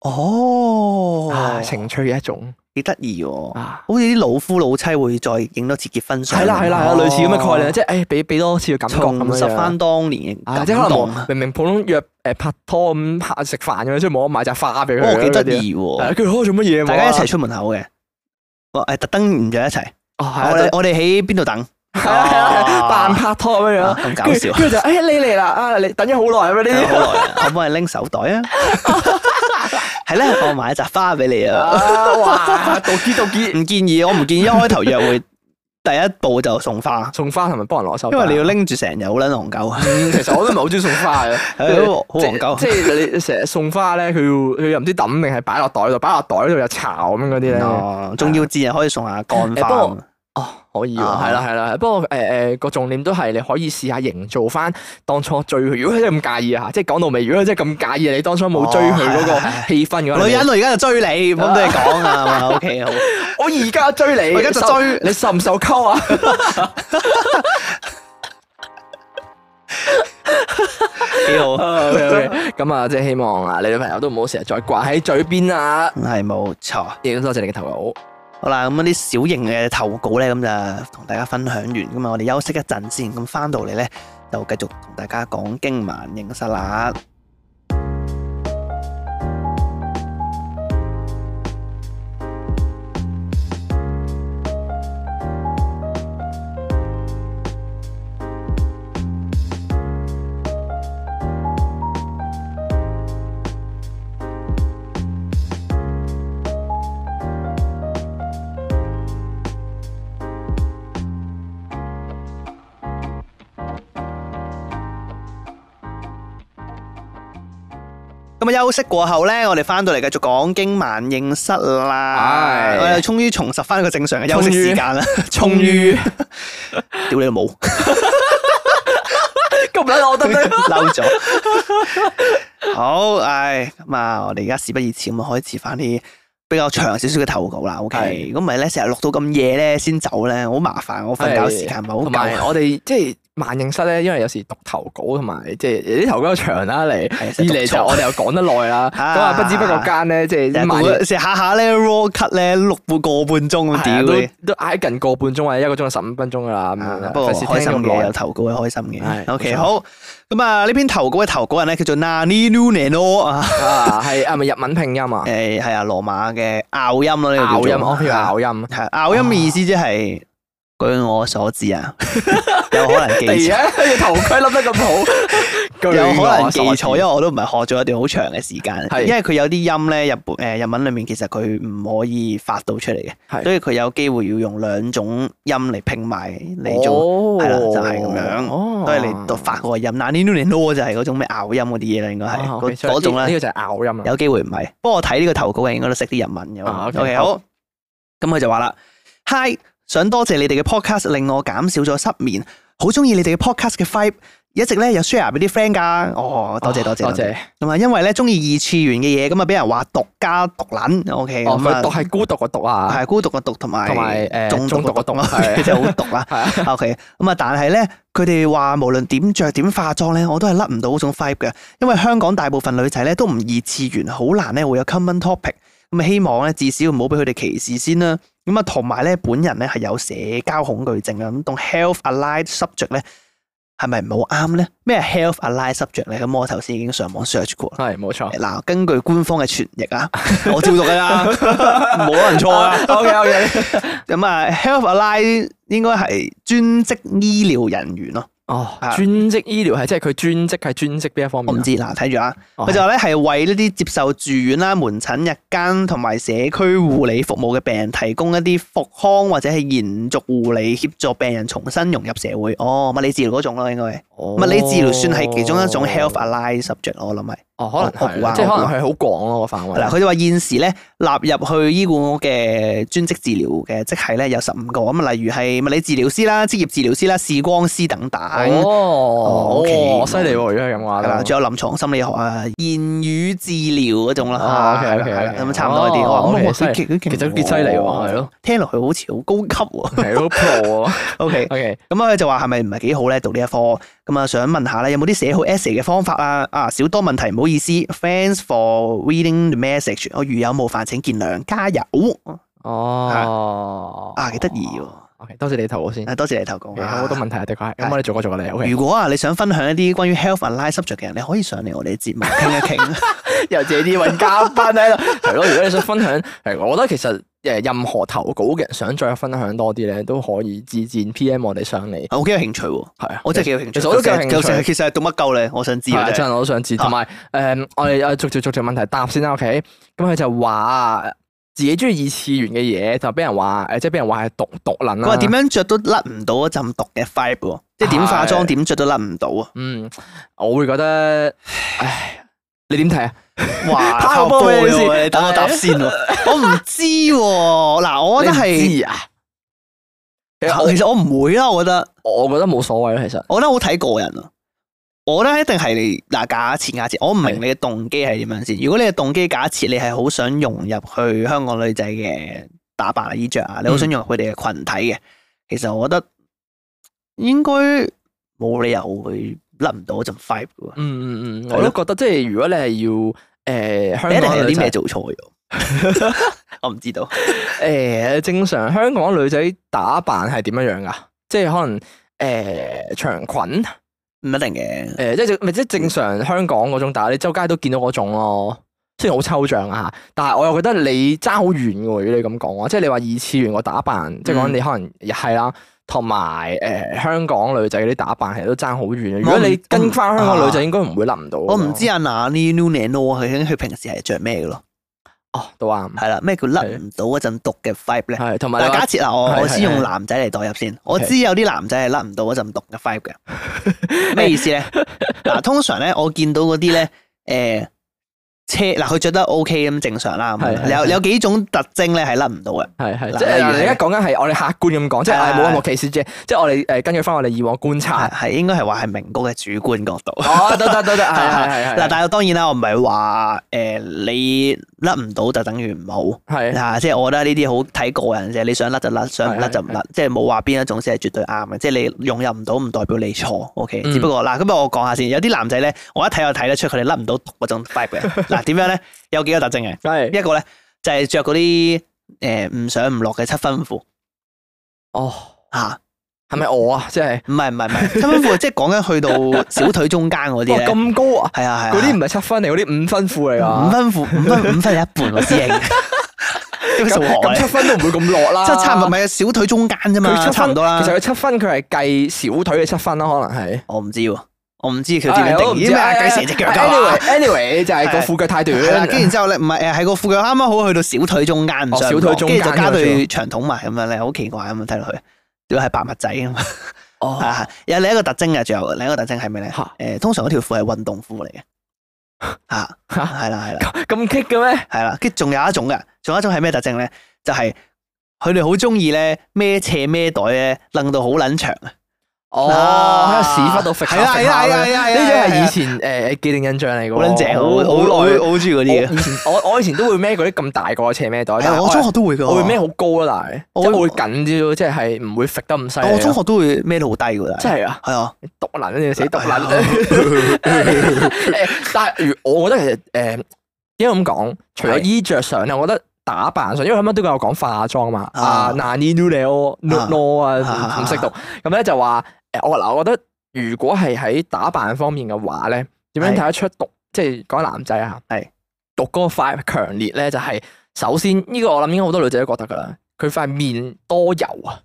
哦，情趣嘅一種。幾得意喎，好似啲老夫老妻會再影多次結婚相。係啦係啦，類似咁嘅概念，即係誒，俾俾多次嘅感覺咁樣。重拾翻當年，即係可能明明普通約誒拍拖咁拍食飯咁樣，即係冇買扎花俾佢。不過幾得意喎，佢開咗乜嘢？大家一齊出門口嘅，誒特登唔約一齊。哦，係我我哋喺邊度等？係啊係啊，啊，扮拍拖咁樣。咁搞笑。跟住就誒你嚟啦，啊你等咗好耐呢你。好耐。可唔可以拎手袋啊？係咧，放埋一扎花俾你啊！哇，唔建議，我唔建議一開頭約會 第一步就送花。送花係咪幫人攞手？ 因為你要拎住成日好撚戇鳩啊、 嗯！其實我都唔係好中意送花嘅，好戇鳩。即係你成日送花咧，佢要佢又唔知抌定係擺落袋度，擺落袋度有巢咁嗰啲咧。哦，仲要自然可以送下乾花。 哦。可以啊，係啦係啦，不過誒誒個重點都係你可以試下營造翻當初追佢，如果真係咁介意啊，即係講到尾，如果真係咁介意，你當初冇追佢嗰個氣氛嘅話，女人我而家就追你，咁都係講啊嘛，OK 好，我而家追你，而家就追，你受唔受溝啊？幾好 o 咁啊，即係希望啊，你女朋友都唔好成日再掛喺嘴邊啊，係冇錯，亦都多謝你嘅頭腦。好啦，咁一啲小型嘅投稿呢，咁就同大家分享完咁啊，咁我哋休息一陣先，咁翻到嚟呢，就繼續同大家講經萬應室。咁休息過後咧，我哋翻到嚟繼續講經萬應室啦。唉，我又終於重拾翻一個正常嘅休息時間啦。終於，屌你冇咁樣，我都嬲咗。 氣了 好，唉、哎，咁啊，我哋而家事不宜遲，咁啊開始翻啲比較長少少嘅投稿啦。OK，如果唔係咧，成日錄到咁夜咧，先走咧，好麻煩。我瞓覺時間唔係好夠。我哋即係。的萬應室咧，因為有時讀投稿同埋，即係啲投稿長啦，嚟二嚟，就我哋又講得耐啦，咁啊不知不覺間咧，即係萬即下下咧 rock cut 咧，錄半個半鐘咁點都都挨近個半鐘或者一個鐘十五分鐘噶啦。不過聽咁耐有投稿，會開心嘅。O K 好，咁啊呢篇投稿嘅投稿人咧叫做 Nya Nyi Nyu Nye Nyo 啊，係啊咪日文拼音啊。誒係啊羅馬嘅拗音咯，拗音啊，拗音。係拗音嘅意思即係。據我所知啊，有可能記錯。突然間，個頭盔凹得咁好，有可能記錯，因為我都唔係學咗一段好長嘅時間。係，因為佢有啲音咧，日本誒日文裏面其實佢唔可以發到出嚟嘅，所以佢有機會要用兩種音嚟拼埋嚟做係啦，就係咁樣。都係嚟到發個音。那年那年那就係嗰種咩拗音嗰啲嘢啦，應該係嗰嗰種咧。呢個就係拗音啦，有機會唔係。不過我睇呢個投稿，應該都識啲日文嘅。O K 好，咁佢就話啦，Hi。想多謝你哋嘅 podcast，令我減少咗失眠，好中意你哋嘅 podcast 嘅 vibe，一直咧有 share 俾啲 friend 噶。哦，多謝多謝、哦、多謝。咁啊謝，謝因為咧中意二次元嘅嘢，咁啊俾人話獨家獨撚。O、okay, K，哦，獨係、嗯、孤獨嘅獨啊，係孤獨嘅獨，同埋同埋誒，中毒嘅毒，係即係好毒啊。O K，咁啊，但係咧，佢哋話無論點着點化妝咧，我都係甩唔到嗰種 vibe 嘅。因為香港大部分女仔咧都唔二次元，好難咧會有 common topic。咁啊，希望咧至少唔好俾佢哋歧視先啦。咁啊，同埋咧，本人咧係有社交恐懼症啊。咁同 health allied subject 咧，係咪唔好啱咧？咩 health allied subject 嚟嘅？我頭先已經上網 search 過，係冇錯。嗱，根據官方嘅傳譯啊，我照讀噶啦，冇可能錯啊。OK OK，咁啊，health allied 應該係專職醫療人員咯。哦，專職醫療係、啊、即係佢專職係專職邊一方面？我唔知，嗱睇住啊，佢、哦、就話咧係為呢啲接受住院啦、門診日間同埋社區護理服務嘅病人提供一啲復康或者係延續護理，協助病人重新融入社會。哦，物理治療嗰種咯，應該。哦，物理治療算係其中一種 health allied subject，我諗係。哦，可能係即係，可能係好廣咯個範圍。嗱，佢哋話現時咧納入去醫管局嘅專職治療嘅，即係咧有十五個咁啊。例如係物理治療師啦、職業治療師啦、視光師等等。哦，哦，犀利喎，如果係咁話。仲有臨牀心理學啊、言語治療嗰種啦，咁差唔多啲。哇，咁其實其實幾犀利喎，係咯。聽落去好似好高級喎。係咯 pro 喎。O K，O K。咁啊，就話係咪唔係幾好咧？讀呢一科咁啊？想問下咧，有冇啲寫好 essay 嘅方法啊？啊，少多問題唔好。意思，thanks for reading the message。我如有冒犯，請見諒。加油。哦，啊，幾得意喎。O K，多謝你投稿先。啊，多謝你投稿。好多問題啊，的確。咁我哋做過做過嚟。O K，如果啊，你想分享一啲關於 health and life subject 嘅人，你可以上嚟我哋節目傾一傾。又借啲位加班喺度。係咯，如果你想分享，係，我覺得其實。任何投稿嘅人想再分享多啲咧，都可以自薦 P. M. 我哋上嚟。我幾有興趣，係啊，我真係幾有興趣。其實其實係讀乜鳩咧？我想知。係，真係我想知。同埋誒，我哋有逐條逐條問題答先啦。O. K. 咁佢就話自己中意二次元嘅嘢，就俾人話誒，即係俾人話係毒毒撚啦。佢話，點樣着都甩唔到嗰陣毒嘅 vibe，即係點化妝點着都甩唔到啊。嗯，我會覺得唉。你點睇嘩 啊？拋 等我先答先、 啊。我唔知喎、啊，嗱，我覺得係其實我唔會啦、啊。我覺得，我覺得冇所謂咯、啊。其實，我覺得好睇個人啊。我覺得一定係你嗱，假設假設，我唔明你嘅動機係點樣先。的如果你嘅動機假設你係好想融入去香港女仔嘅打扮衣着啊， 你好想融入佢哋嘅群體嘅，其實我覺得應該冇理由會。甩唔到我就 five 嗯嗯嗯，我都覺得即係如果你係要誒、呃、對吧 香港有啲咩做錯 我唔知道、 呃。誒正常香港女仔打扮係點樣樣噶？即係可能誒、呃、長裙，唔一定嘅、呃。誒即係即係正常香港嗰種打扮，你周街都見到嗰種咯。雖然好抽象啊，但係我又覺得你爭好遠喎。如果你咁講，即係你話二次元個打扮，嗯、即係講你可能係啦。同埋誒香港女仔嗰啲打扮，其實都爭好遠啊！如果你跟翻香港女仔，應該唔會甩唔到。我唔知 Nya Nyi Nyu Nye Nyo 咯，佢佢、啊、平時係着咩嘅咯？哦，都啱對。係啦的，咩叫甩唔到嗰陣毒嘅 five 咧？係同埋嗱，假設嗱，我我先用男仔嚟代入先。的我知有啲男仔係甩唔到嗰陣毒嘅 five 嘅。咩 意思咧？嗱， 通常咧，我見到嗰啲咧，誒、呃。車嗱，佢着得 O K 咁正常啦。係有有幾種特徵咧，係甩唔到嘅。係係即係你而家講緊係我哋客觀咁講，即係冇任何歧視啫。即係我哋誒根據翻我哋以往觀察，係應該係話係明哥嘅主觀角度。哦，得得得得，係係係。嗱，但係當然啦，我唔係話誒你甩唔到就等於唔好。係吓，即係我覺得呢啲好睇個人嘅，你想甩就甩，想唔甩就唔甩。即係冇話邊一種先係絕對啱嘅，即係你容忍唔到唔代表你錯。O K，只不過嗱，咁我講下先，有啲男仔咧，我一睇就睇得出佢哋甩唔到嗰種嗱，點樣咧？有幾個特徵嘅，梗係，一個咧就係着嗰啲誒唔上唔落嘅七分褲哦，吓係咪我啊？即係唔係唔係唔係七分褲，即係講緊去到小腿中間嗰啲咧咁高啊？係啊係，嗰啲唔係七分嚟，嗰啲五分褲嚟噶，五分褲五分五分係一半咯，只係一個數學咁七分都唔會咁落啦，即係差唔唔係小腿中間啫嘛，差唔多啦。其實佢七分佢係計小腿嘅七分啦。可能係我唔知。我唔知佢點樣定義。我唔知啊，計成隻腳。Anyway，anyway 就係個褲腳太短。係啦，跟住之後咧，唔係誒，係個褲腳啱啱好去到小腿中間。哦，小腿中間。跟住就加對長筒襪咁樣咧，好奇怪咁樣睇落去。又係白襪仔啊嘛。哦，係。有另一個特徵嘅，仲有另一個特徵係咩咧？誒，通常嗰條褲係運動褲嚟嘅。吓吓，係啦係啦。咁棘嘅咩？係啦，跟住仲有一種嘅，仲有一種係咩特徵咧？就係佢哋好中意咧孭斜孭袋咧，掟到好撚長啊！哦，喺屎忽度揈下揈下，呢啲係以前既定印象嚟嘅，好卵正，好好好中意嗰啲嘅。以前我我以前都會孭嗰啲咁大個斜孭袋，但我中學都會嘅，我會孭好高啦，但係我係會緊啲，即係唔會揈得咁細。我中學都會孭到好低嘅，真係啊，係啊，篤卵一定要死篤卵！但係如我覺得其實誒，因為咁講，除咗衣着上咧，我覺得。打扮上，因為啱啱都有講化妝嘛，啊，Nya Nyi Nyu Nye Nyo，唔識讀，咁咧就話，我嗱，我覺得如果係喺打扮方面嘅話咧，點樣睇得出毒，是即係講男仔啊，係毒嗰個快強烈咧，就係首先呢、這個我諗應該好多女仔都覺得噶啦，佢塊面多油啊。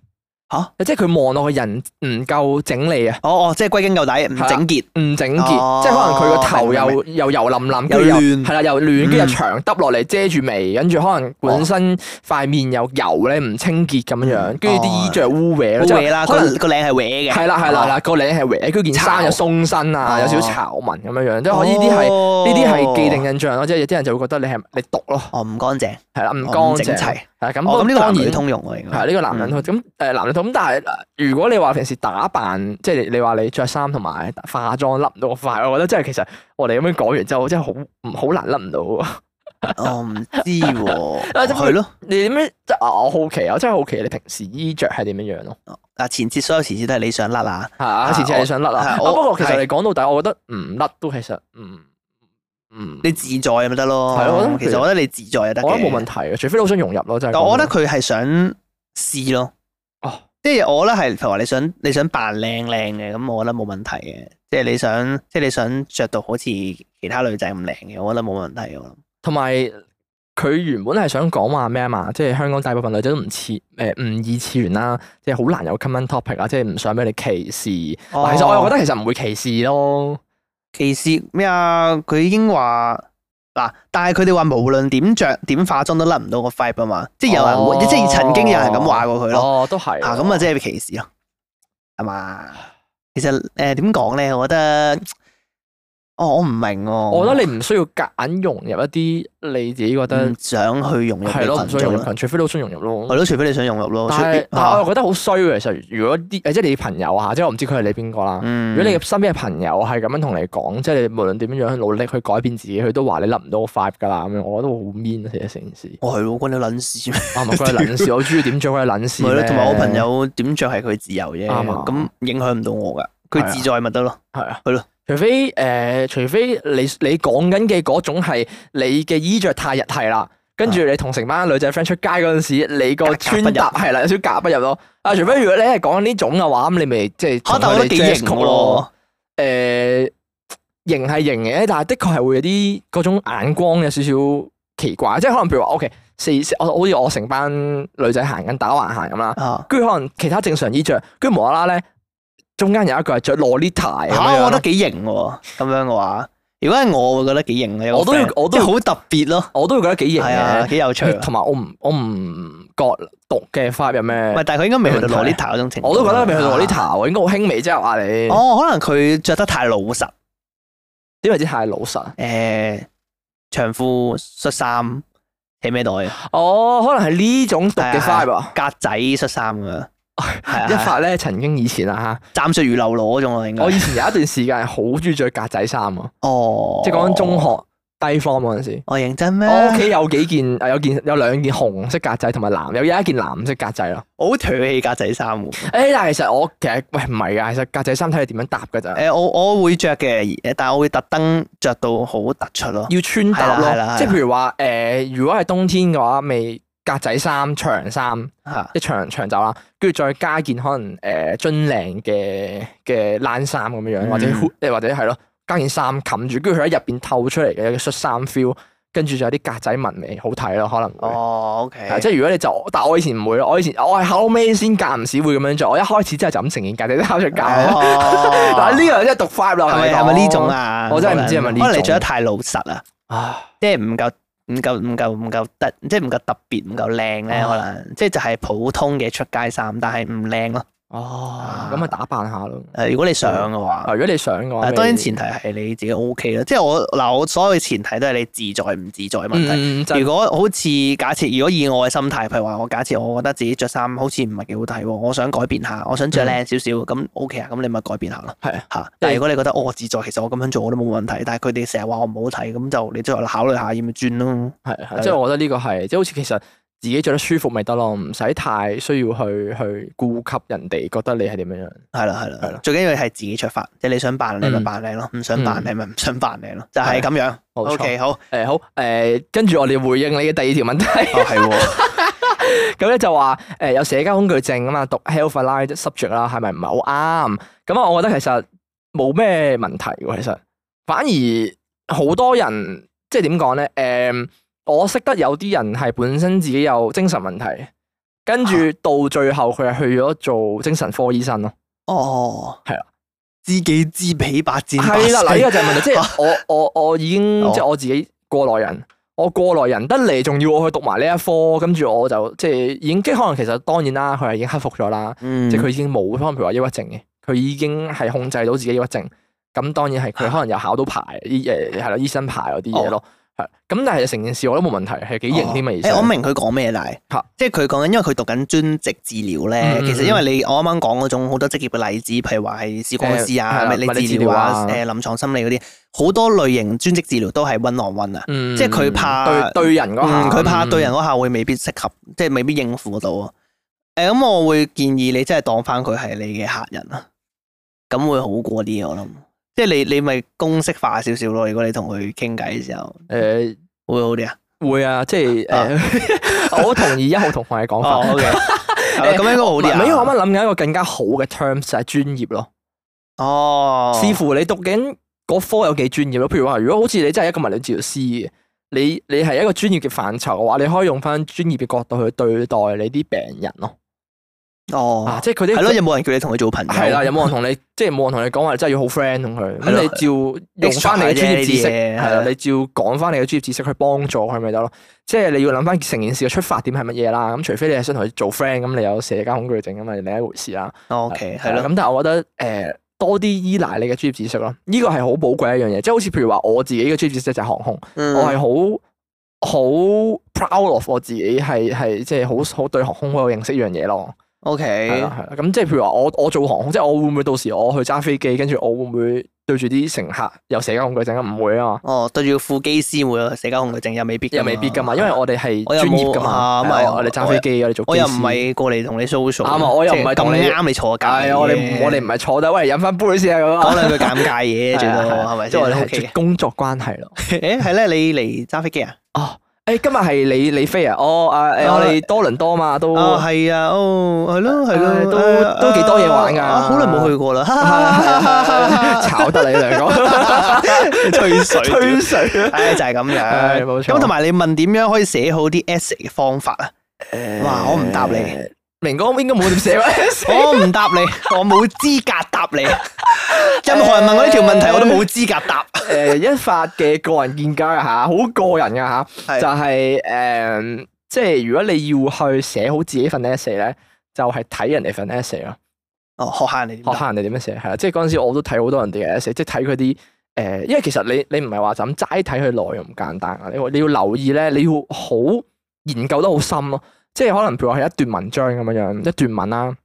嚇！即係佢望落去，人唔夠整理啊！哦哦，即係歸根究底唔整潔，唔整潔，即係可能佢個頭又又油淋淋，跟住亂係啦，又亂跟住長耷落嚟遮住眉，跟住可能本身塊面又油咧，唔清潔咁樣，跟住啲衣着污搲咯，可能個領係搲嘅。係啦係啦啦，個領係搲，跟住件衫又鬆身啊，有少少巢紋咁樣樣，即係依啲係呢啲係既定印象咯，即係有啲人就會覺得你係你毒咯。哦，唔乾淨係啦，唔乾淨齊係咁。我諗呢個女通用喎，應該呢個男人咁誒，男人咁但係如果你話平時打扮，即係你話你着衫同埋化妝甩唔到個塊，我覺得真係其實我哋咁樣講完之後真我、啊， 真係好唔好難甩唔到。我唔知喎，係咯？你點樣？我好奇，我真係好奇你平時衣着係點樣樣咯？啊，前次所有前次都係你想甩啊，前次係想甩啊。我不過其實嚟講到底，我覺得唔甩都其實唔唔、嗯、你自在咪、啊、得咯？其實我覺得你自在又得，我覺得冇問題嘅，除非你好想融入咯，就係、是。我覺得佢係想試咯。即係我咧，係譬如話你想你想扮靚靚嘅，咁我覺得冇問題嘅。即係你想，即係你想着到好似其他女仔咁靚嘅，我覺得冇問題。我諗。同埋佢原本係想講話咩啊嘛？即係香港大部分女仔都唔次誒唔二次元啦，即係好難有 common topic 啊！即係唔想俾你歧視。其實、哦、我又覺得其實唔會歧視咯。歧視咩啊？佢已經話。但係佢哋話無論點着點化妝都甩唔到個 fib 啊嘛，即係有人、哦、即係曾經有人咁話過佢咯，哦、都係啊咁啊即係歧視咯，係嘛？其實誒點講咧，我覺得。我唔明哦，我覺得你唔需要夾硬融入一啲你自己覺得想去融入嘅羣眾，除非都想融入咯，係咯，除非你想融入咯。但係，但係我覺得好衰嘅。其實，如果啲即係你朋友啊，即係我唔知佢係你邊個啦。如果你身邊嘅朋友係咁樣同你講，即係無論點樣努力去改變自己，佢都話你諗唔到個 five 㗎啦。咁樣，我覺得好 mean 啊！成件事。我係關你撚事。啊，唔係關你撚事，我中意點著佢撚事。同埋我朋友點著係佢自由啫，咁影響唔到我㗎。佢自在咪得咯？係啊，除非誒、呃，除非你你講緊嘅嗰種係你嘅衣着太日系啦，跟住、嗯、你同成班女仔 friend 出街嗰陣時，你個穿搭係啦，有少夾不入咯。嗯、啊，除非如果你係講緊呢種嘅話，咁你咪即係，可能都幾型咯。誒，型係型嘅，但係的確係會有啲嗰種眼光有少少奇怪，即係可能譬如話，OK，四我好似我成班女仔行緊打橫行咁啦，跟住、嗯、可能其他正常衣着，跟住無啦啦咧。中間有一句係着洛麗塔，啊，吓我覺得幾型喎。咁樣嘅話，如果係我會覺得幾型嘅，我都要我都好特別咯。我都會覺得幾型啊，幾有趣。同埋我唔我唔覺毒嘅 vibe 有咩？唔係，但係佢應該未去到洛麗塔嗰種程度。我都覺得未去到洛麗塔，啊、應該好輕微啫。話你哦，可能佢着得太老實，點為之太老實？誒、呃，長褲恤衫起咩袋哦，可能係呢種毒嘅 vibe 啊，格仔恤衫啊。一發咧，曾經以前啊，哈，暫雪如流露嗰種應該。我以前有一段時間係好中意着格仔衫啊，即係講緊中學低 form 嗰陣時。我認真咩？我屋企有幾件，有件有兩件紅色格仔，同埋藍，又有一件藍色格仔咯。我好頹氣格仔衫喎！誒，但係其實我其實喂唔係啊，其實格仔衫睇你點樣搭噶咋。誒，我我會着嘅，但係我會特登着到好突出咯，要穿搭咯，即係譬如話誒，如果係冬天嘅話未。格仔衫、長衫，一、啊、長長袖啦，跟住再加件可能誒樽領嘅嘅冷衫咁樣樣，或者你、嗯、或者係咯，加件衫冚住，跟住佢喺入邊透出嚟嘅恤衫 feel，跟住就有啲格仔紋味，好睇咯，可能。哦，OK。啊、即係如果你就，但我以前唔會咯，我以前我係後尾先格唔少間唔中會咁樣做，我一開始之後、啊哦、真係就咁成件格仔衫出街。係。但係呢樣真係毒 five 咯，係咪係咪呢種啊？我真係唔知係咪呢種。可能、可能、可能你着得太老實啦，即係唔夠。唔夠唔夠唔夠特，即係唔夠特別，唔夠靚咧，嗯、可能即係就係普通嘅出街衫，但係唔靚囉。哦，咁咪打扮下咯。誒，如果你想嘅話，如果你想嘅話，當然前提係你自己 O K 啦。即係我嗱，我所有前提都係你自在唔自在問題。嗯、如果好似假設，如果以我嘅心態，譬如話我假設我覺得自己着衫好似唔係幾好睇喎，我想改變下，我想着靚少少，咁 O K 啊，咁你咪改變下啦。係啊，但係如果你覺得、啊哦、我自在，其實我咁樣做我都冇問題。但係佢哋成日話我唔好睇，咁就你再考慮下要，要唔要轉咯？係啊，即係我覺得呢個係即係好似其實。自己着得舒服咪得咯，唔使太需要去去顧及人哋覺得你係點樣樣。係啦係啦係啦，最緊要係自己出發，即係你想扮你咪扮你咯，唔想扮你咪唔想扮你咯，就係咁樣。O K 好誒好誒，跟住我哋回應你嘅第二條問題。哦係，咁咧就話誒有社交恐懼症啊嘛，讀 health life 即係 subject 啦，係咪唔係好啱？咁啊，我覺得其實冇咩問題喎，其實反而好多人即係點講咧，誒。我識得有啲人係本身自己有精神問題，跟住到最後佢係去咗做精神科醫生咯。哦，係啦的，知己知彼百戰百勝。係啦，嗱，呢個就係問題， 即係我我我已經、哦、即係我自己過來人，我過來人得嚟，仲要我去讀埋呢一科，跟住我就即係已經，即可能其實當然啦，佢係已經克服咗啦，嗯、即係佢已經冇，譬如話抑鬱症嘅，佢已經係控制到自己抑鬱症，咁當然係佢可能又考到牌，醫誒係啦，醫生牌嗰啲嘢咯。哦。咁，但係成件事我都冇問題，係幾型添嘅意思。我明佢講咩，但係，即係佢講緊，因為佢讀緊專職治療咧。其實因為你我啱啱講嗰種好多職業嘅例子，譬如話係視光師啊，你治療啊，誒，臨床心理嗰啲，好多類型專職治療都係 one on one 啊。即係佢怕對人嗰下，佢怕對人嗰下會未必適合，即係未必應付到啊。誒，咁我會建議你即係當翻佢係你嘅客人啊，咁會好過啲，我諗。即係你你咪公式化少少咯，如果你同佢傾偈嘅時候，誒、呃、會好啲啊？會啊，即係誒，呃啊、 我同意一號同學嘅講法。咁樣應該好啲啊！我啱啱諗緊一個更加好嘅 terms 就係專業咯。哦，視乎你讀緊嗰科有幾專業咯。譬如話，如果好似你真係一個物理治療師，你你係一個專業嘅範疇嘅話，你可以用翻專業嘅角度去對待你啲病人咯。哦、啊，即係佢啲係咯，了他有冇人叫你同佢做朋友？係啦，有冇人同你即係冇人同你講話，真係要好 friend 同佢。咁了你照用翻你嘅專業知識，係啦，你照講翻你嘅專業知識去幫助佢，咪得咯。即係你要諗翻成件事嘅出發點係乜嘢啦。咁除非你係想同佢做 friend，咁你有社交恐懼症咁，咪另一回事啦。OK，係咯。咁但係我覺得誒、呃，多啲依賴你嘅專業知識咯。呢個係好寶貴一樣嘢，即係好似譬如話我自己嘅專業知識就係航空，嗯、我係好好 proud of 我自己，係係即係好好對航空好有認識一樣嘢咯。O K，係咁即係譬如話我我做航空，即係我會唔會到時我去揸飛機，跟住我會唔會對住啲乘客有社交恐懼症啊？唔會啊嘛。哦，對住副機師會有社交恐懼症又未必，又未必噶嘛，因為我哋係專業噶嘛，唔係我哋揸飛機，我哋做我又唔係過嚟同你 social，啱啊，我又唔係同你啱你坐。係我哋我哋唔係坐低喂，飲翻杯先啊，咁講兩句尷尬嘢最多，係咪先？即係我哋工作關係咯，誒，係咧，你嚟揸飛機啊？哦。誒，今日係你，你飛啊！哦，誒，我哋多倫多嘛，都係啊，哦，係咯，係咯，都都幾多嘢玩噶，好耐冇去過啦，炒得你兩個，吹水，吹水，誒，就係咁樣，冇錯。咁同埋你問點樣可以寫好啲 essay 嘅方法啊？誒，哇，我唔答你。明哥應該冇點寫，我唔答你，我冇資格答你。 任何人問我呢條問題，我都冇資格答。誒、 呃，一發嘅個人見解啊，吓，好個人噶吓，就係、是、誒、呃，即係如果你要去寫好自己份 Essay 咧， 就係睇人哋份 Essay 咯。哦，學下人哋，學下人哋點樣寫係啦。即係嗰陣時，我都睇好多人哋嘅 Essay, 即係睇佢啲誒，因為其實你你唔係話就咁齋睇佢內容唔簡單啊，你你要留意咧，你要好研究得好深咯。即係可能譬如話係一段文章咁樣樣，一段文啦，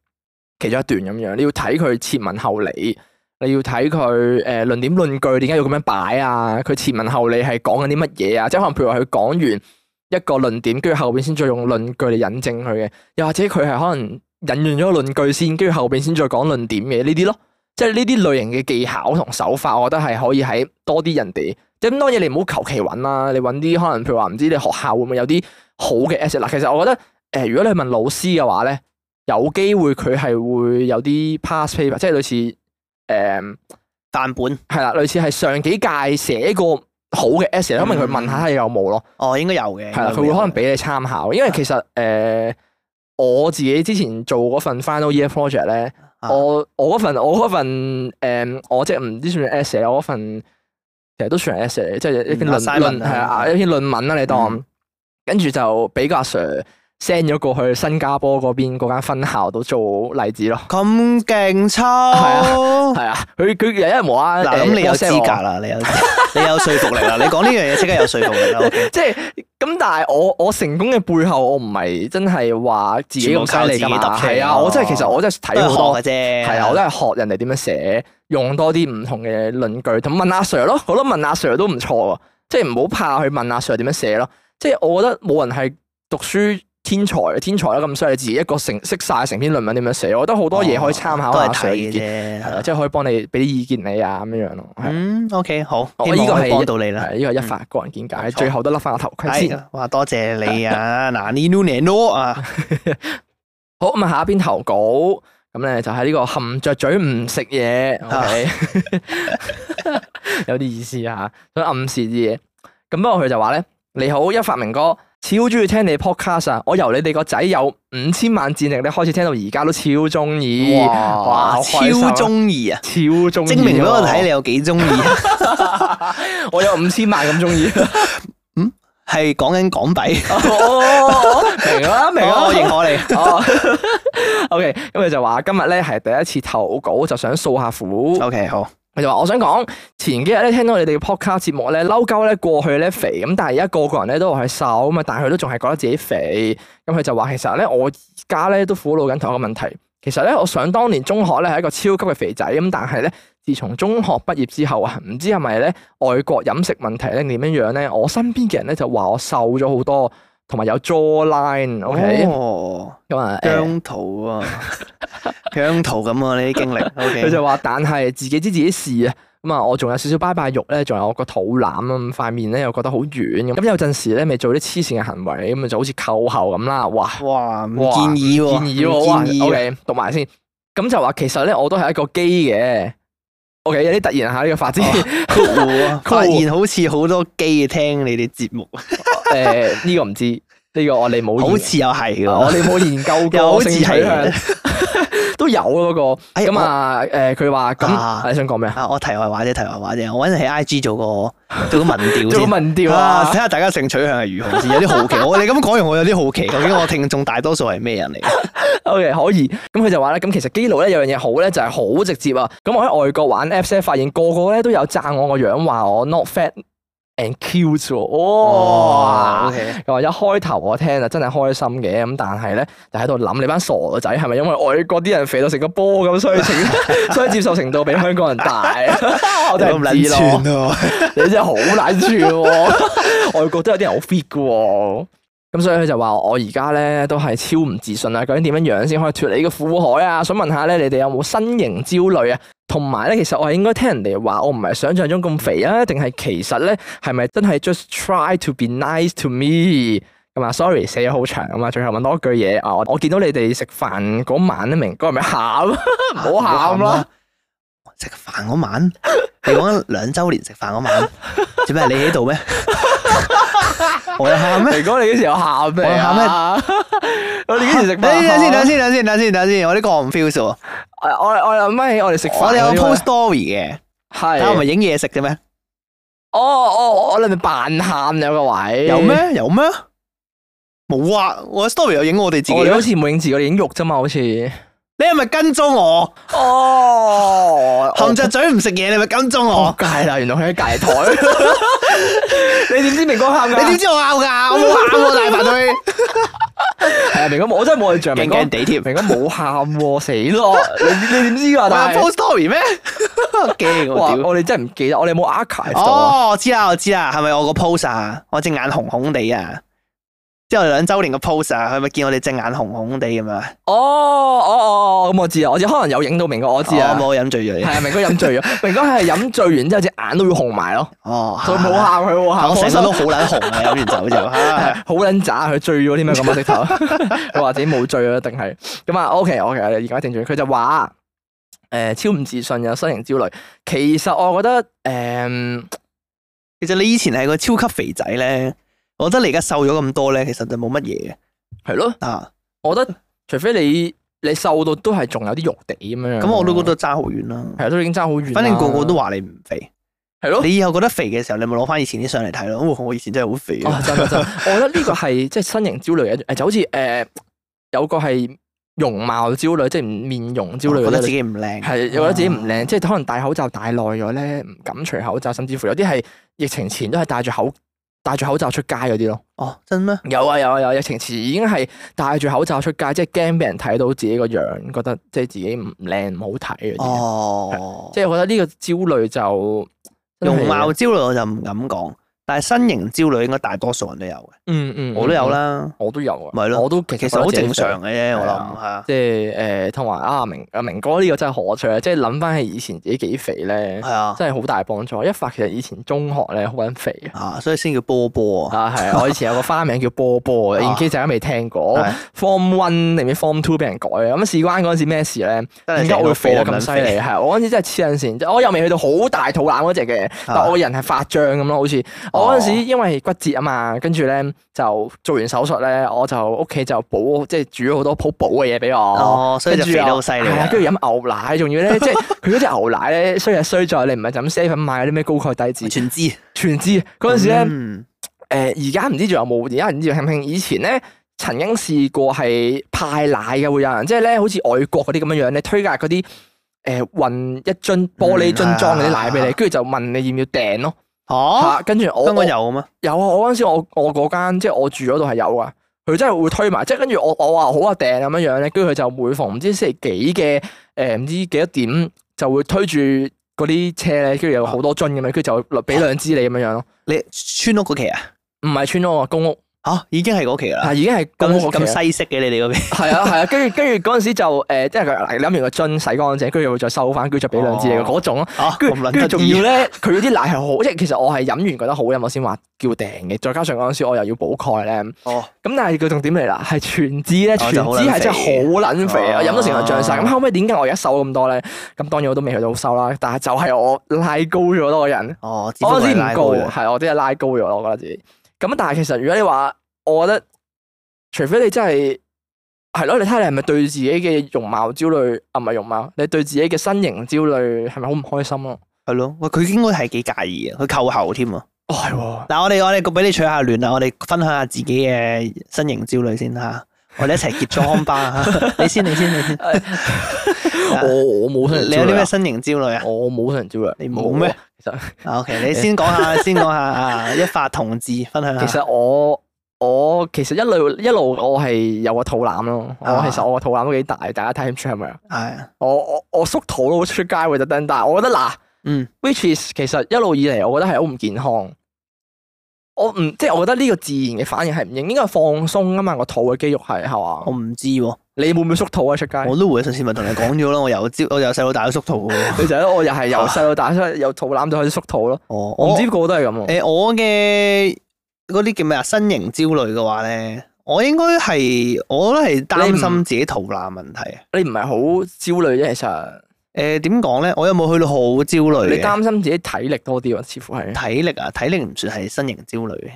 其中一段咁樣，你要睇佢前文後理，你要睇佢誒論點論據點解要咁樣擺啊？佢前文後理係講緊啲乜嘢啊？即係可能譬如話佢講完一個論點，跟住後邊先再用論據嚟引證佢嘅，又或者佢係可能引完咗個論據先，跟住後邊先再講論點嘅呢啲咯。即係呢啲類型嘅技巧同手法，我覺得係可以喺多啲人哋即係咁多嘢，你唔好求其揾啦，你揾啲可能譬如話唔知你學校會唔會有啲好嘅 essay 啦？其實我覺得。誒，如果你問老師嘅話咧，有機會佢係會有啲 past paper，即係類似誒範、嗯、本，係啦，類似、係上幾屆寫過好嘅 essay，咁問佢問下睇有冇咯，嗯。哦，應該有嘅。係啦，佢會可能俾你參考，有有，因為其實誒、呃、我自己之前做嗰份 final year project 咧，啊，我我嗰份我嗰份誒我即係唔知算唔算 essay，我嗰份其實都算係 essay，即係一篇論文係啊，一篇論文啦，你當、嗯、跟住就俾個 Sir。send 咗過去新加坡嗰邊嗰間分校度做例子咯，咁勁差，係 啊，係啊，佢佢有一日無啦，嗱咁喇、呃、你有資格啦，呃、你有 你有 你有說服力啦，你講呢樣嘢即刻有說服力啦，即係咁，但係我我成功嘅背後，我唔係真係話自己咁犀利噶嘛，係啊,啊，我真係其實我真係睇好多嘅啫，係啊，我都係學人哋點樣寫，用多啲唔同嘅論據，咁問阿 Sir 咯，我覺得問阿 Sir 都唔錯啊，即係唔好怕去問阿 Sir 點樣寫咯，即係我覺得冇人係讀書。天才，天才啦咁，所以自己一個成識晒成篇論文點樣寫，我覺得好多嘢可以參考下。都係睇嘅啫，係即係可以幫你俾啲意見你啊咁樣樣咯。嗯，OK，好，我呢個幫到你啦。係呢個一發個人見解，最後都甩翻個頭盔。係，哇，多謝你啊，嗱，你呢年多啊。好，咁啊，下一篇投稿，咁咧就喺呢個含着嘴唔食嘢，OK，有啲意思啊，想暗示啲嘢。咁不過佢就話咧，你好，一發明哥。超中意聽你 podcast 啊！我由你哋個仔有五千萬戰力咧開始聽到而家都超中意，哇！超中意啊！超鍾意證明俾我睇你有幾中意。 我有五千萬咁中意。 嗯，係講緊港幣、 哦哦。哦，明啦，明啦、哦，我認可你。哦 O K，咁就就話今日咧係第一次投稿，就想訴下苦。O、okay, K，好。佢就話我想講，前幾日咧聽到你哋嘅 Podcast 節目咧，嬲鳩咧過去咧肥咁，但係而家個個人咧都話係瘦咁啊，但係佢都仲係覺得自己肥咁，佢就話，其實咧我而家咧都苦惱緊同一個問題，其實咧我想當年中學咧係一個超級嘅肥仔咁，但係咧自從中學畢業之後啊，唔知係咪咧外國飲食問題咧點樣樣咧，我身邊嘅人咧就話我瘦咗好多。同埋有 jawline，咁啊，姜濤啊，姜濤咁啊，呢啲經歷，佢就話，但係自己知自己事啊，咁啊，我仲有少少拜拜肉咧，仲有我個肚腩啊，塊面咧又覺得好軟咁，咁有陣時咧咪做啲黐線嘅行為，咁就好似扣喉咁啦，哇，哇，唔建議喎，唔建議喎，唔建議嘅，讀埋先，咁就話其實咧，我都係一個機嘅，OK，有啲突然下呢個發展，發現好似好多機聽你啲節目。誒，呢、呃這個唔知，呢、這個我哋冇，好似又係嘅，我哋冇研究過，性取向 都有咯嗰、那個，咁、哎嗯、啊，誒、啊，佢話咁，啊、你想講咩啊？我題外話啫，題外話啫，我搵日喺 IG 做個做個民調先 做個民調啊，睇下、啊、大家性取向係如何有啲好奇，我 你咁講完，我有啲好奇，究竟我聽眾大多數係咩人嚟 ？OK，可以，咁佢就話咧，咁其實基佬咧有樣嘢好咧，就係好直接啊！咁我喺外國玩 App 咧，發現個個咧都有讚我個樣，話我 not fat。and cute 喎，哇！佢話一開頭我聽啊，真係開心嘅咁，但係咧就喺度諗你班傻仔係咪因為外國啲人肥到成個波咁， 所以所以接受程度比香港人大， 我真係唔撚穿咯，啊、 你真係好撚串， 外國都有啲人好 fit 噶。咁所以佢就話我而家咧都係超唔自信啊，究竟點樣樣先可以脫離呢個苦海啊？想問下咧，你哋有冇身形焦慮啊？同埋咧，其實我係應該聽人哋話，我唔係想象中咁肥啊？定係其實咧，係咪真係 just try to be nice to me？咁啊，sorry 寫咗好長啊嘛，最後問多句嘢啊，我見到你哋食飯嗰晚都明哥，嗰係咪喊？唔好喊囉。食飯嗰晚，你講兩周年食飯嗰晚，做咩 你喺度咩？我有喊咩？明哥你幾時有喊咩？我喊咩？我哋幾時食飯？等先，等先，等先，等先，我呢個唔 feel 我我諗返起我哋食飯。我哋有 post story 嘅，係是，唔係影嘢食嘅咩？哦哦我你咪扮喊有個位。有咩？有咩？冇啊！我 story 有影我哋自、oh, 自己，好似冇影自我哋影肉咋嘛？好似。你係咪跟蹤我？哦、oh，含着嘴唔食嘢，你咪跟蹤我。撲街啦，原來佢喺隔離台。你點知明哥喊噶？你點知我喊噶？我冇喊，大反對。係啊，明哥冇，我真係冇印象驚驚地添，明哥冇喊，死咯！你你點知但係 post story 咩？驚我屌！我哋真係唔記得，我哋冇阿卡。哦，我知啦，我知啦，係咪我個 pose 啊？我隻眼紅紅地啊！之後兩周年嘅 post 啊，佢咪見我哋隻眼紅紅地咁樣啊？哦，哦，哦，咁我知啊，我知，可能有影到明哥，我知啊，我飲醉咗，係啊，明哥飲醉咗，明哥係飲醉完之後隻眼都要紅埋咯。哦，佢冇喊，佢冇喊，我成身都好卵紅啊，飲完酒就，好卵渣，佢醉咗啲咩咁直頭，佢話自己冇醉啊，一定係咁啊？O K，O K，而家定住佢就話誒，超唔自信又身型焦慮。其實我覺得誒，其實你以前係個超級肥仔咧。我覺得你而家瘦咗咁多咧，其實就冇乜嘢嘅，係咯的。啊是，我覺得除非你你瘦到都係仲有啲肉地咁樣，咁我都覺得爭好遠啦。係都已經爭好遠。反正個個都話你唔肥，係咯的。你以後覺得肥嘅時候，你咪攞翻以前啲相嚟睇咯。我以前真係好肥，呃真真。我覺得呢個係即係身形焦慮一種，就好似誒，有個係容貌焦慮，即係面容焦慮。覺得自己唔靚，係覺得自己唔靚，即係可能戴口罩戴耐咗咧，唔敢除口罩，甚至乎有啲係疫情前都係戴住口。戴住口罩出街嗰啲咯，哦，真咩、啊？有啊有啊有，疫情前已經係戴住口罩出街，即係驚俾人睇到自己個樣，覺得即係自己唔靚唔好睇嗰啲，哦，即係我覺得呢個焦慮就容貌焦慮，我就唔敢講。但係身型焦慮應該大多數人都有嘅，嗯嗯，我都有啦，我都有啊。唔係咯，我都其實好正常嘅啫，我諗係啊，即係誒，同埋阿明阿明哥呢個真係可取，啊。即係諗翻起以前自己幾肥咧，係啊，真係好大幫助。一發其實以前中學咧好緊肥啊，所以先叫波波啊，係啊，我以前有個花名叫波波啊，然之後而家未聽過。Form one 定唔知 Form two 俾人改啊，咁事關嗰陣時咩事咧？點解會肥得咁犀利？係我嗰陣時真係黐緊線，我又未去到好大肚腩嗰隻嘅，但係我人係發脹咁咯，好似。我嗰陣時因為骨折啊嘛，跟住咧就做完手術咧，我就屋企就補即係煮咗好多補補嘅嘢俾我，跟住、哦，跟住飲牛奶，仲要咧 即係佢嗰隻牛奶咧，衰就衰在你唔係就咁 save 粉買啲咩高鈣低脂，全脂知全脂嗰陣時咧，誒而家唔知仲有冇，而家唔知興唔興。以前咧曾經試過係派奶嘅會有人，即係咧好似外國嗰啲咁樣樣，你推介嗰啲誒運一樽玻璃樽裝嗰啲奶俾你，跟住、嗯嗯、就問你要唔要訂咯。吓，啊、跟住着我香港有啊嘛？有啊，我嗰陣時我我嗰間即係我住嗰度係有啊。佢真係會推埋，即係跟住我我話好啊訂咁樣樣咧，跟住佢就每逢唔知星期幾嘅誒唔知幾多點就會推住嗰啲車咧，跟住有好多樽咁、啊、樣，跟住就俾兩支你咁樣樣咯。你村屋嗰期啊？唔係村屋，啊，公屋。啊！已經係嗰期啦，已經係咁咁西式嘅你哋嗰邊，係啊係啊，跟住跟住嗰陣時就誒，即係佢，你飲完個樽洗乾淨，跟住會再收翻，跟住再俾兩支嘢嗰種，跟住仲要咧，佢嗰啲奶係好，即係其實我係飲完覺得好飲，我先話叫訂嘅。再加上嗰陣時我又要補鈣咧。哦。咁但係個重點嚟啦。係全脂咧，全脂係真係好撚肥啊！我飲咗成個脹晒。咁後尾點解我而家瘦咁多咧？咁當然我都未去到收啦，但係就係我拉高咗多個人。哦。我先唔高，係我啲係拉高咗，我覺得自己。咁但係其實如果你話，我覺得除非你真係係咯，你睇下你係咪對自己嘅容貌焦慮啊？唔係容貌，你對自己嘅身形焦慮係咪好唔開心？哦、啊？係咯，佢應該係幾介意嘅，佢扣喉添啊！哦，係。嗱，我哋我哋俾你取下暖啦，我哋分享下自己嘅身形焦慮先吓，我哋一齊結妝吧。 你先，你先，你先。我我冇身形焦慮，你有啲咩身形焦慮啊？我冇身焦慮，你冇咩？ 其實 OK 你先講下， 先講下啊，一發同志分享下。其實我我其實一路一路我係有個肚腩咯， 我其實我個肚腩都幾大，大家睇唔出係咪啊？係啊， 我我我縮肚都好，出街會特登，但係我覺得嗱，嗯，which is 其實一路以嚟，我覺得係好唔健康。我唔即係，就是，我覺得呢個自然嘅反應係唔應應該放鬆啊嘛，個肚嘅肌肉係係哇？我唔知喎，啊。你會唔會縮肚啊？出街我都會，上次咪同你講咗咯。 我由招，我由細到大都縮肚嘅。其實我又係由細到大，出為由肚腩就開始縮肚咯。哦，我唔知個個都係咁喎。誒、呃，我嘅嗰啲叫咩啊？身形焦慮嘅話咧，我應該係，我覺得係擔心自己肚腩問題。你唔係好焦慮啫，其實。誒、呃，點講咧？我有冇去到好焦慮？你擔心自己體力多啲，或似乎係體力啊？體力唔算係身形焦慮嘅。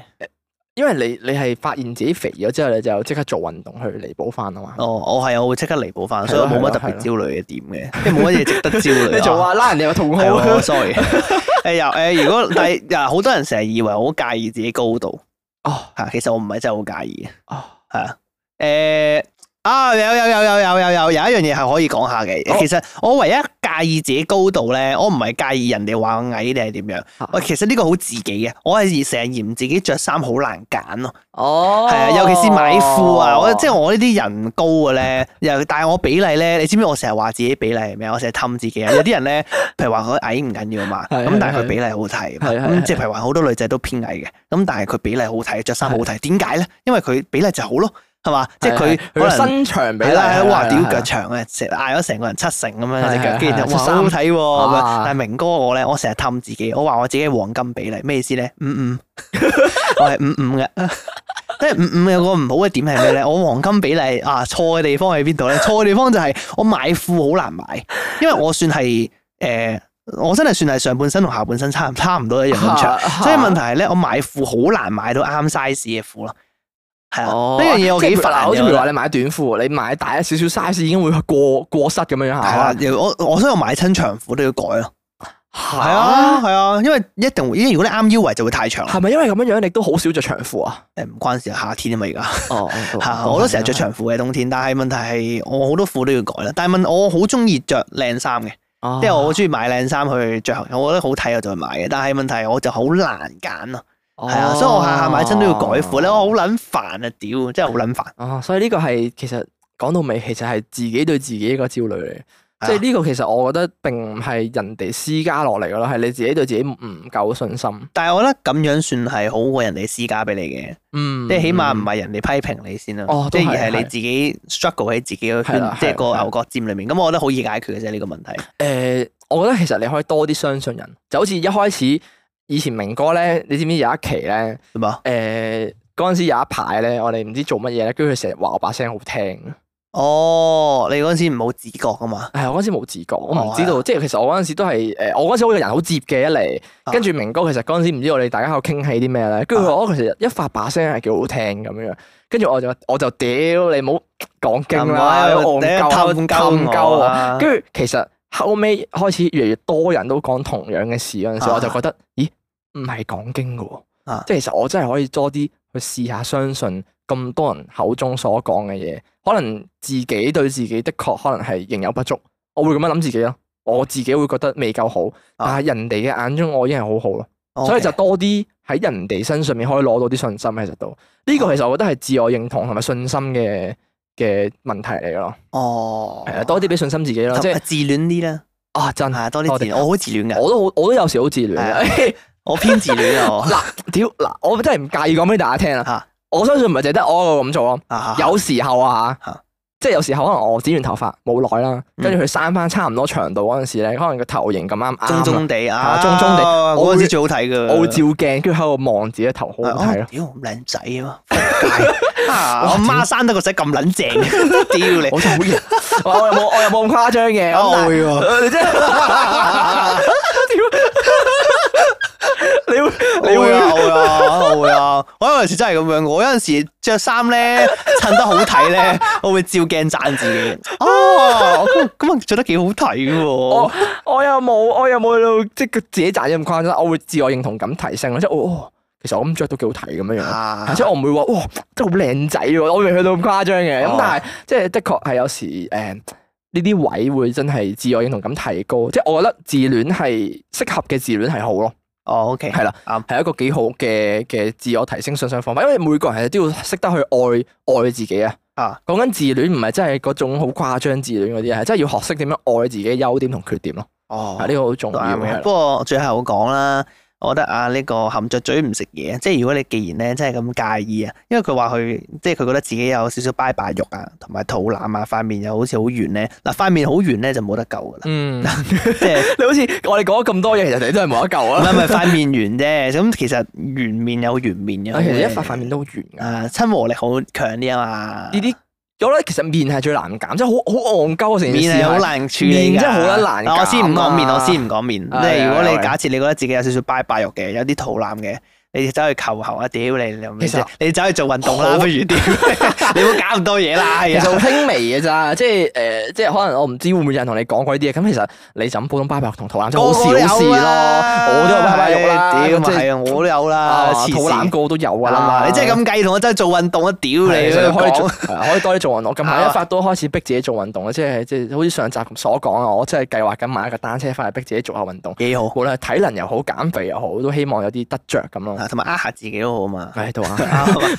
因為你你係發現自己肥咗之後，你就即刻做運動去彌補翻啊嘛。哦，我係我會即刻彌補翻，的所以冇乜特別焦慮嘅點嘅，即係冇乜嘢值得焦慮。 你做話拉人哋個同好係啊，sorry、 哎。誒、呃，又、呃、誒，如果第，好、呃、多人成日以為我好介意自己高度。哦，吓，其實我唔係真係好介意啊。哦、oh. 呃，係、呃、啊，誒。啊，有有有有有有有一樣嘢係可以講下嘅。哦、其實我唯一介意自己高度咧，我唔係介意人哋話我矮定係點樣。喂、啊，其實呢個好自己嘅，我係成日嫌自己着衫好難揀咯。哦，係啊，尤其是買褲啊，我即係我呢啲人高嘅咧，又但係我比例咧，你知唔知我成日話自己比例係咩？我成日氹自己啊。有啲人咧，譬如話佢矮唔緊要嘛，咁 但係佢比例好睇，即係譬如話好多女仔都偏矮嘅，咁但係佢比例好睇，着衫 好睇，點解咧？因為佢比例就好咯。係嘛？即係佢可能身長比啦，的哇！屌腳長嘅，成嗌咗成個人七成咁樣隻腳，跟住的的哇，好好睇喎。啊、但係明哥我咧，我成日氹自己，我話我自己黃金比例咩意思咧？五五， 我係五五嘅。即 係五五有，個唔好嘅點係咩咧？ 我黃金比例啊，錯嘅地方喺邊度咧？錯嘅 地方就係我買褲好難買，因為我算係誒、呃，我真係算係上半身同下半身差唔差唔多一樣咁長， 所以問題係咧，我買褲好難買到啱 size 嘅褲咯。係啊，呢樣嘢我幾煩。好似譬如話你買短褲，你買大一少少 size 已經會過過膝咁樣樣吓。係啊，我我雖然買親長褲都要改咯。係啊，係啊，因為一定會，因為如果你啱腰圍就會太長。係咪因為咁樣樣？你都好少着長褲啊？誒、嗯，唔關事，夏天啊嘛而家。我都成日着長褲嘅冬天，但係問題係我好多褲都要改啦。但係問我好中意着靚衫嘅，即係、oh. 我好中意買靚衫去着，我覺得好睇我就再買嘅。但係問題我就好難揀咯。係啊，所以我下下買真都要改款咧，我好撚煩啊！屌，真係好撚煩。哦，所以呢個係其實講到尾，其實係自己對自己一個焦慮嚟，即係呢個其實我覺得並唔係人哋施加落嚟嘅咯，係你自己對自己唔夠信心。但係我覺得咁樣算係好過人哋施加俾你嘅，嗯，即係起碼唔係人哋批評你先啦，哦，即係而係你自己 struggle 喺自己嘅即係個牛角尖裡面。咁我覺得好易解決嘅啫，呢個問題。誒，我覺得其實你可以多啲相信人，就好似一開始。以前明哥咧，你知唔知有一期咧？咩啊？誒嗰陣時有一排咧，我哋唔知做乜嘢咧，跟住佢成日話我把聲好聽。哦，你嗰陣時唔好自覺噶嘛？係，我嗰陣時冇自覺，我唔知道。即係其實我嗰陣時都係誒，我嗰陣時好似人好接嘅一嚟。跟住明哥其實嗰陣時唔知道你大家喺度傾起啲咩咧，跟住我其實一發把聲係幾好聽咁樣。跟住我就我就屌你冇講勁啊，憨鳩啊，憨鳩啊！跟住其實後尾開始越嚟越多人都講同樣嘅事，嗰陣時我就覺得咦～唔係講經嘅，即係其實我真係可以多啲去試下相信咁多人口中所講嘅嘢，可能自己對自己的確可能係仍有不足，我會咁樣諗自己咯。我自己會覺得未夠好，但係人哋嘅眼中我已經係好好咯。所以就多啲喺人哋身上面可以攞到啲信心，其實都呢個其實我覺得係自我認同同埋信心嘅嘅問題嚟咯。哦，係啊，多啲俾信心自己咯，即係自戀啲啦。啊，真係多啲自戀，我好自戀嘅，我都好，我都有時好自戀啊。我偏自戀啊！嗱，屌，嗱，我真係唔介意講俾大家聽啊！我相信唔係淨得我咁做啊！有時候啊，吓，即係有時候可能我剪完頭髮冇耐啦，跟住佢生翻差唔多長度嗰陣時咧，可能個頭型咁啱，中中地啊，中中地，我嗰時最好睇噶，我會照鏡，跟住喺度望自己嘅頭好睇咯。屌，靚仔啊！我媽生得個仔咁撚正，屌你！我好我又冇，我又冇咁誇張嘅，我唔會喎。你會 你會有噶，我會啊！ 我有陣時真係咁樣，我有陣時着衫咧襯得好睇咧，我會照鏡讚自己。哦，咁啊，着得幾好睇嘅。我我又冇，我又冇去到即係自己讚咁誇張，我會自我認同感提升咧。即係哦，其實我咁着都幾好睇咁樣樣。即係、啊、我唔會話哇、哦，真係好靚仔，我未去到咁誇張嘅。咁、啊、但係即係的確係有時誒呢啲位會真係自我認同感提高。即係我覺得自戀係適合嘅自戀係好咯。哦、oh,，OK，係啦，係一個幾好嘅嘅自我提升上想方法，因為每個人其實都要識得去愛愛自己啊。啊、uh,，講緊自戀唔係真係嗰種好誇張自戀嗰啲，係真係要學識點樣愛自己嘅優點同缺點咯。哦，呢個好重要。不過最後講啦。我覺得啊，呢個含着嘴唔食嘢，即係如果你既然咧，真係咁介意啊，因為佢話佢即係佢覺得自己有少少拜拜肉啊，同埋肚腩啊，塊面又好似好圓咧。嗱塊面好圓咧就冇得救噶啦。嗯，即係你好似我哋講咗咁多嘢，其實你都係冇得救、 哎、啊。唔係唔係塊面圓啫，咁其實圓面有圓面嘅，每一塊塊面都圓啊，親和力好強啲啊嘛。呢啲。有咧，其實面係最難減，即係好好戇鳩啊！成件事好難處理，面真係好難減，啊。我先唔講面，啊、我先唔講面。即如果你假設你覺得自己有少少拜拜肉嘅，有啲肚腩嘅。你走去求球喉啊！屌你你咩啫？你走去做運動啦，不如屌，你唔好搞咁多嘢啦。其實輕微嘅咋，即係誒，即係可能我唔知會唔會有人同你講過呢啲嘢。咁其實你咁普通拜拜肉同肚腩，好小事咯。我都有啦，屌，即係我都有啦，肚腩高都有啊嘛。你即係咁計，同我真係做運動啊！屌你，可以做，可以多啲做運動。咁下一發都開始逼自己做運動，即係即係好似上集所講啊，我真係計劃緊買一架單車翻嚟逼自己做下運動。幾好，好啦，體能又好，減肥又好，都希望有啲得着咁咯。同埋呃下自己都好嘛？係，同埋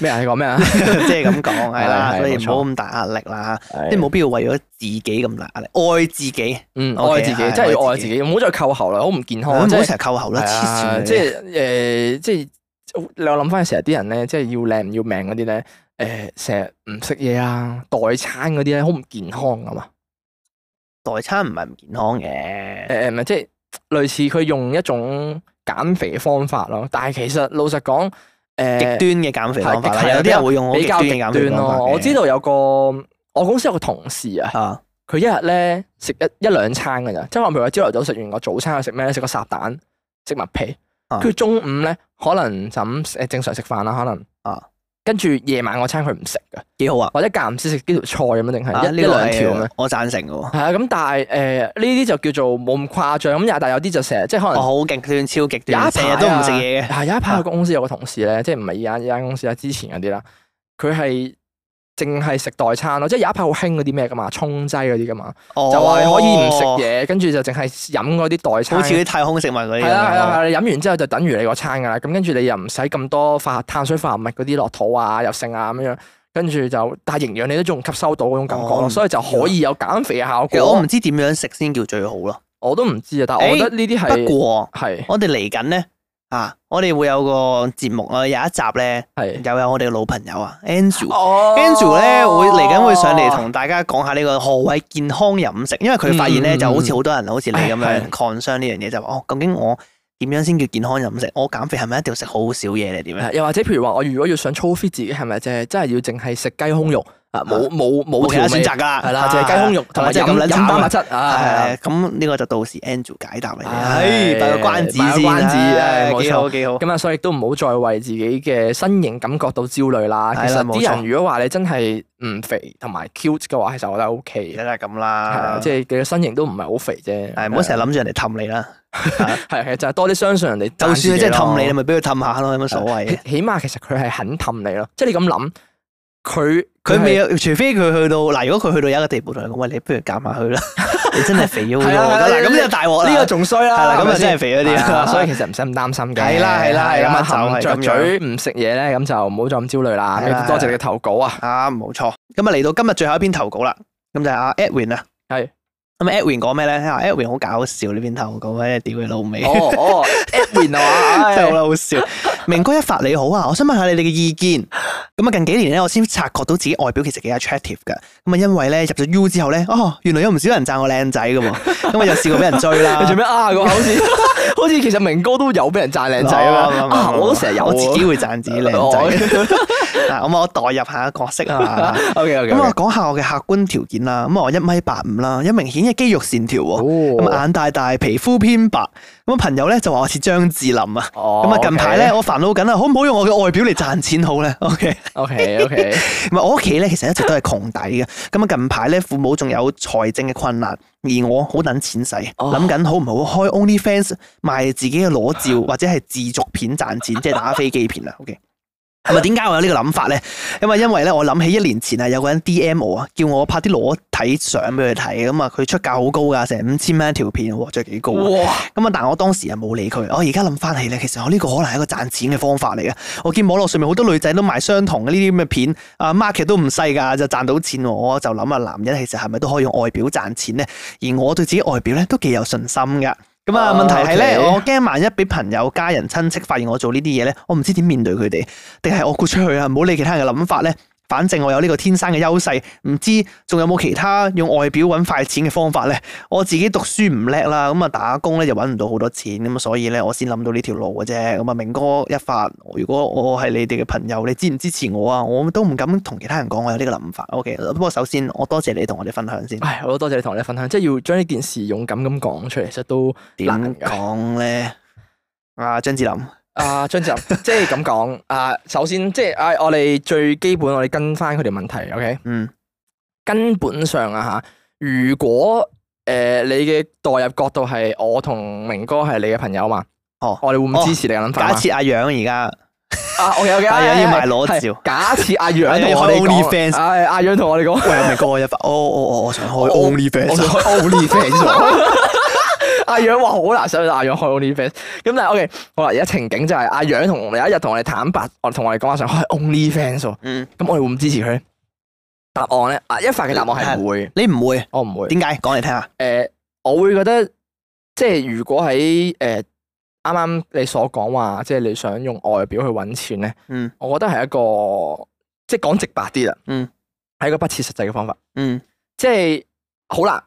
咩啊？你講咩啊？即係咁講，係啦，所以唔好咁大壓力啦，即係冇必要為咗自己咁大壓力。愛自己，嗯，愛自己，即係愛自己，唔好再扣喉啦，好唔健康。唔好成日扣喉啦，黐線。即係誒，即係你我諗翻，成日啲人咧，即係要靚唔要命嗰啲咧，誒，成日唔食嘢啊，代餐嗰啲咧，好唔健康㗎嘛？代餐唔係唔健康嘅，誒，唔係即係類似佢用一種。減肥嘅方法咯，但係其實老實講，誒、呃、極端嘅減肥方法，係有啲人會用極方比較極端咯。我知道有個我公司有個同事啊，佢一日咧食一一兩餐噶咋，即係話譬如話朝頭早食完個早餐，佢食咩咧？食個烚蛋，食麥皮，佢、啊、中午咧可能就咁誒正常食飯啦，可能，可能啊。跟住夜晚嗰餐佢唔食噶，幾好啊！或者間唔時食幾條菜咁啊，定係一兩條咩？我贊成嘅。係啊、嗯，咁但係誒呢啲就叫做冇咁誇張咁。但係有啲就成日即係可能。好極端，超極端，成日、啊、都唔食嘢嘅。係、啊、有一排，我公司有個同事咧，啊、即係唔係依間依間公司啦，之前嗰啲啦，佢係。淨係食代餐咯，即係有一排好興嗰啲咩噶嘛，沖劑嗰啲噶嘛，就係可以唔食嘢，跟住就淨係飲嗰啲代餐。哦、代餐好似啲太空食物嗰啲。係啦係啦，了了你飲完之後就等於你個餐噶啦，咁跟住你又唔使咁多化碳水化合物嗰啲落肚啊，入腎啊咁樣，跟住就但係營養你都仲吸收到嗰種感覺，哦、所以就可以有減肥嘅效果。我唔知點樣食先叫最好咯，我都唔知啊。但係我覺得、欸、呢啲係不過，我哋嚟緊咧。啊！我哋會有個節目啊，有一集咧，又是的 有，有我哋老朋友啊，Andrew，Andrew、哦、咧會嚟緊會上嚟同大家講下呢個何謂健康飲食？因為佢發現咧、嗯、就好似好多人好似你咁樣 concern 呢樣嘢，就話哦，究竟我點樣先叫健康飲食？我減肥係咪一定要食好少嘢嚟？點咧？又或者譬如話我如果要想操 fit 自己，係咪即係真係要淨係食雞胸肉？啊冇冇冇選擇噶，係啦，就係雞胸肉同埋即係咁，蛋白質啊，係咁呢個就到時 Andrew 解答你嘅，係個關子先，冇錯，咁啊，所以都唔好再為自己嘅身形感覺到焦慮啦。其實啲人如果話你真係唔肥同埋 cute 嘅話，其實我覺得 O K，真係咁啦，即係你嘅身形都唔係好肥啫。唔好成日諗住人哋氹你啦，係係就係多啲相信人哋。就算即係氹你，你咪俾佢氹下咯，有乜所謂？起碼其實佢係肯氹你咯，即係你咁諗。佢佢未有，除非佢去到嗱，如果佢去到有一個地步同係咁，喂，你不如減下佢啦，你真係肥咗啲喎。嗱，咁就大鑊，呢個仲衰啦，係啦，咁啊真係肥咗啲，所以其實唔使咁擔心嘅，係啦係啦係啦，就含着嘴唔食嘢咧，咁就唔好再咁焦慮啦，多謝你嘅投稿啊，啊冇錯，咁啊，嚟到今日最後一篇投稿啦，咁就阿 Edwin 啊，係咁 Edwin 講咩咧？聽下 Edwin 好搞笑呢邊投稿咧，屌佢老味。哦哦，Edwin 啊，真係好啦好笑。明哥一發你好啊，我想問下你哋嘅意見。咁啊，近幾年咧，我先察覺到自己外表其實幾 attractive 嘅。咁啊，因為咧入咗 U 之後咧，哦，原來有唔少人讚我靚仔噶嘛。咁我又試過俾人追啦。你做咩啊？個口齒，好似好似其實明哥都有俾人讚靚仔啊。我都成日有，我自己會讚自己靚仔。嗱，咁我代入下角色啊。O K O K。咁我講下我嘅客觀條件啦。咁我一米八五啦，有明顯嘅肌肉線條喎。咁眼大大，皮膚偏白。咁啊，朋友咧就話我似張智霖啊，咁啊、oh, okay. 近排咧我煩惱緊啊，好唔好用我嘅外表嚟賺錢好咧？OK，OK，OK，咁啊我屋企咧，其實一直都係窮底嘅。咁啊近排咧，父母仲有財政嘅困難，而我好等錢使，諗緊、oh. 好唔好開 OnlyFans 賣自己嘅裸照或者係自作片賺錢，即係 打飛機片啊。OK。係咪點解我有個呢個諗法咧？咁啊，因為咧，我諗起一年前啊，有個人 D M 我啊，叫我拍啲裸體相俾佢睇，咁啊，佢出價好高噶，成五千蚊一條片，或者係幾高。咁啊哇，但我當時啊冇理佢。我而家諗翻起咧，其實我呢個可能係一個賺錢嘅方法嚟嘅。我見網絡上面好多女仔都賣相同嘅呢啲咁嘅片，啊，market 都唔細噶，就賺到錢。我就諗啊，男人其實係咪都可以用外表賺錢咧？而我對自己外表咧都幾有信心嘅。咁啊，問題係咧，oh, okay. 我驚萬一俾朋友、家人、親戚發現我做呢啲嘢咧，我唔知點面對佢哋，定係我豁出去啊？唔好理其他人嘅諗法咧。反正我有呢個天生嘅優勢，唔知仲有冇其他用外表揾快錢嘅方法呢？我自己讀書唔叻啦，咁啊打工咧就揾唔到好多錢，咁所以呢，我先諗到呢條路嘅啫。咁啊明哥一發，如果我係你哋嘅朋友，你支唔支持我啊？我都唔敢同其他人講我有呢個諗法。O K，不過首先我多謝你同我哋分享先。唉，我都多謝你同我哋分享，即係要將呢件事勇敢咁講出嚟，其實都點講呢？啊，張智霖。阿張智霖，即係咁講。阿、啊、首先，即係、啊，我哋最基本，我哋跟翻佢哋問題。O K。嗯。根本上啊，吓如果誒、呃，你嘅代入角度係我同明哥係你嘅朋友嘛？哦，我哋會唔支持你嘅諗法？哦、假設阿楊而家，啊，啊啊啊我有嘅阿楊要埋裸照。假設阿楊同我哋講，阿阿楊同我哋講，喂，明哥，一發、哦，我我我我想開 Only Fans，Only Fans、啊。阿樣話好難想，阿樣開 only fans 咁，但係 OK，好啦，而家情景就係、是，阿樣同我哋有一日同我哋坦白，我同我哋講話想開 only fans 嗯，咁我哋會唔支持佢？答案咧，阿一發嘅答案係唔會，會，你唔會，我唔會。點解？講嚟聽下。誒，我會覺得即係如果喺誒啱啱你所講話，即係你想用外表去搵錢咧。嗯。我覺得係一個即係講直白啲啦。嗯。係一個不切實際嘅方法。嗯，即。即係好難。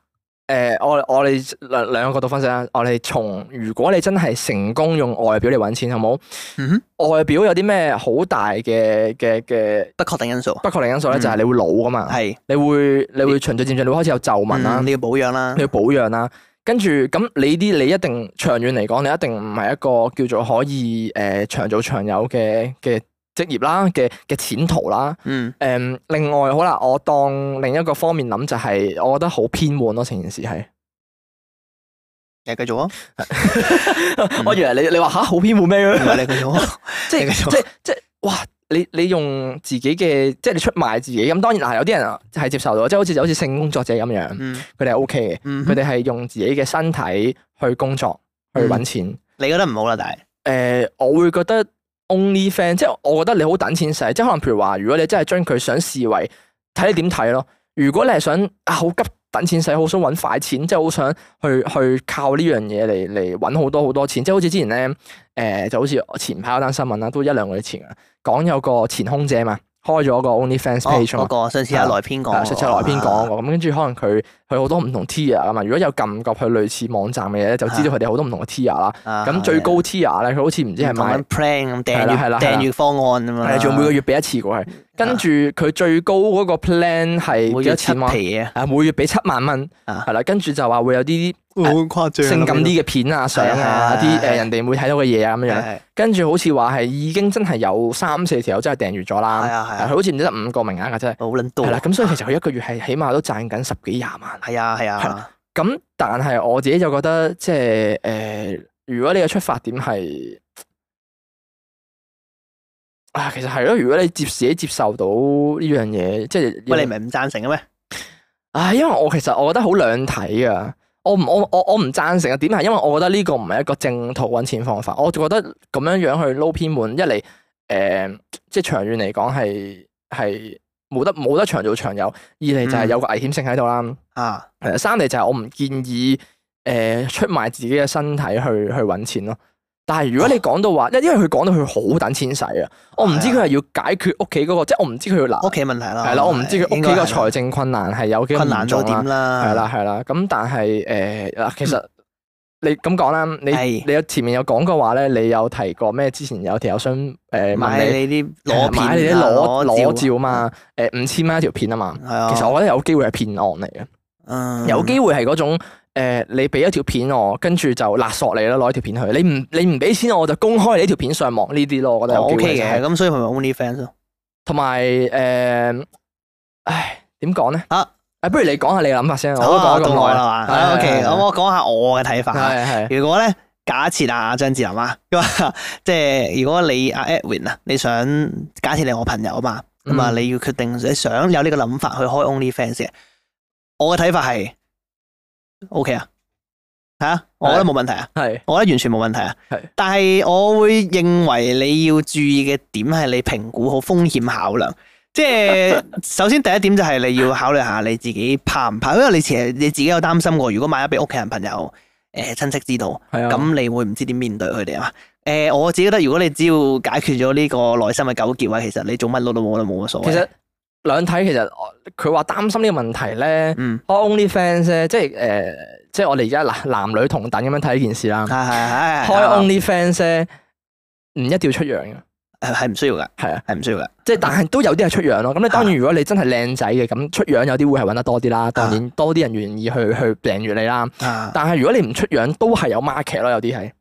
誒、呃，我我哋兩兩個角度分析啦。我哋從，如果你真係成功用外表嚟搵錢，好唔好？嗯、哼。外表有啲咩好大嘅嘅嘅不確定因素？不確定因素咧就係、是、你會老噶嘛。係、嗯。你會你會循序漸進，你會開始有皺紋啦，你要保養啦、啊，你要保養啦。跟住咁，你啲你一定長遠嚟講，你一定唔係一,一個叫做可以誒、呃、長做長有嘅嘅。職業啦嘅嘅前途啦，嗯，誒，另外好啦，我當另一個方面諗就係、是，我覺得好偏門咯，成件事係，你繼續啊， 嗯、 我以為你你話吓好偏門咩咧？唔係你繼續，即係即係即係，哇！你你用自己嘅，即、就、係、是、你出賣自己咁，當然嗱，有啲人啊係接受到，即係好似就好似性工作者咁樣，佢哋係 O K 嘅，佢哋係用自己嘅身體去工作去搵錢，嗯、你覺得唔好啦，但係，誒，我會覺得。OnlyFans，即係我覺得你好等錢使，即係可能譬如話，如果你真係將佢想視為，睇你點睇咯。如果你係想啊好急等錢使，好想搵快錢，即係好想去去靠呢樣嘢嚟嚟搵好多好多錢，即係好似之前咧誒、呃、就好似前排嗰單新聞啦，都一兩個月前啊，講有個前空姐嘛。開咗個 OnlyFans page 嗰，我上次阿萊編講，上次阿萊編講過，咁跟住可能佢佢好多唔同 tier 啊嘛。如果有撳過佢類似網站嘅嘢咧，就知道佢哋好多唔同嘅 tier 啦。咁最高 tier 咧，佢好似唔知係 plan 咁訂月訂月方案咁啊嘛，仲要每個月俾一次過去。跟住佢最高嗰個 plan 係幾多錢？每月七萬，係每月俾七萬蚊，係啦。跟住就話會有啲誒好誇張性感啲嘅片啊、相啊、啲誒人哋唔會睇到嘅嘢啊咁樣。跟住好似話係已經真係有三四條真係訂閲咗啦。係啊係，佢好似唔知得五個名額啊真係。好撚多，係啦，咁所以其實佢一個月係起碼都賺緊十幾廿萬。係啊係啊，咁但係我自己就覺得即係誒，如果你嘅出發點係。啊，其實係咯，如果你接受接受到呢樣嘢，即係喂，你唔係唔贊成嘅咩？唉、啊，因為我其實我覺得好兩體噶，我唔我我我唔贊成啊。點解？因為我覺得呢個唔係一個正途揾錢方法，我覺得咁樣樣去撈偏門，一嚟誒、呃，即係長遠嚟講係係冇得冇得長做長有，二嚟就係有個危險性喺度啦。啊，誒，三嚟就係我唔建議誒、呃、出賣自己嘅身體去去揾錢咯。但係如果你講到話，因因為佢講到佢好等錢使啊，我唔知佢係要解決屋企嗰個，即係我唔知佢要嗱屋企嘅問題啦，係啦，我唔知佢屋企個財政困難係有幾困難咗點啦，係啦係啦，咁但係誒嗱，其實你咁講啦，你你有前面有講過話咧，你有提過咩？之前有條友想誒，買你啲裸片啊，買你啲裸裸照啊嘛，誒五千蚊一條片啊嘛，其實我覺得有機會係騙案嚟嘅，有機會係嗰種。誒、呃，你俾一條片我，跟住就勒索你啦，攞一條片去，你唔你唔俾錢，我就公開你呢條片上網呢啲咯，我覺得、就是。O K 嘅，咁所以佢咪 OnlyFans 咯，同埋誒，唉，點講咧？吓、啊哎，不如你講下你嘅諗法先，我都講咗咁耐啦。O K，啊、我講下我嘅睇法如果咧，假設啊張智霖啊，即係如果你阿 Edwin 啊，win, 你想假設你係我朋友啊嘛，咁啊、嗯、你要決定你想有呢個諗法去開 OnlyFans 嘅、嗯，我嘅睇法係。O、okay. K 啊，吓，我覺得冇問題啊，係的，我覺得完全冇問題啊，係的，但係我會認為你要注意嘅點係你評估好風險考量，即係 首先第一點就係你要考慮下你自己怕唔怕，因為你其實你自己有擔心過，如果買咗俾屋企人、朋友、誒、呃、親戚知道，咁的你會唔知點面對佢哋啊？誒、呃，我自己覺得如果你只要解決咗呢個內心嘅糾結話，其實你做乜老都冇得，冇乜所謂。兩睇其實佢話擔心呢個問題咧、嗯、，only fans 咧、呃，即係誒，即係我哋而家嗱，男女同等咁樣睇呢件事啦。係係係開 only fans 咧、啊，唔一定要出樣嘅，係唔需要嘅，係啊，係唔需要嘅。即係但係都有啲係出樣咯。咁你當然如果你真係靚仔嘅，咁出樣有啲會係揾得多啲啦。當然多啲人願意去、啊、去訂閱你啦。但係如果你唔出樣，都係有 market 咯，有啲係。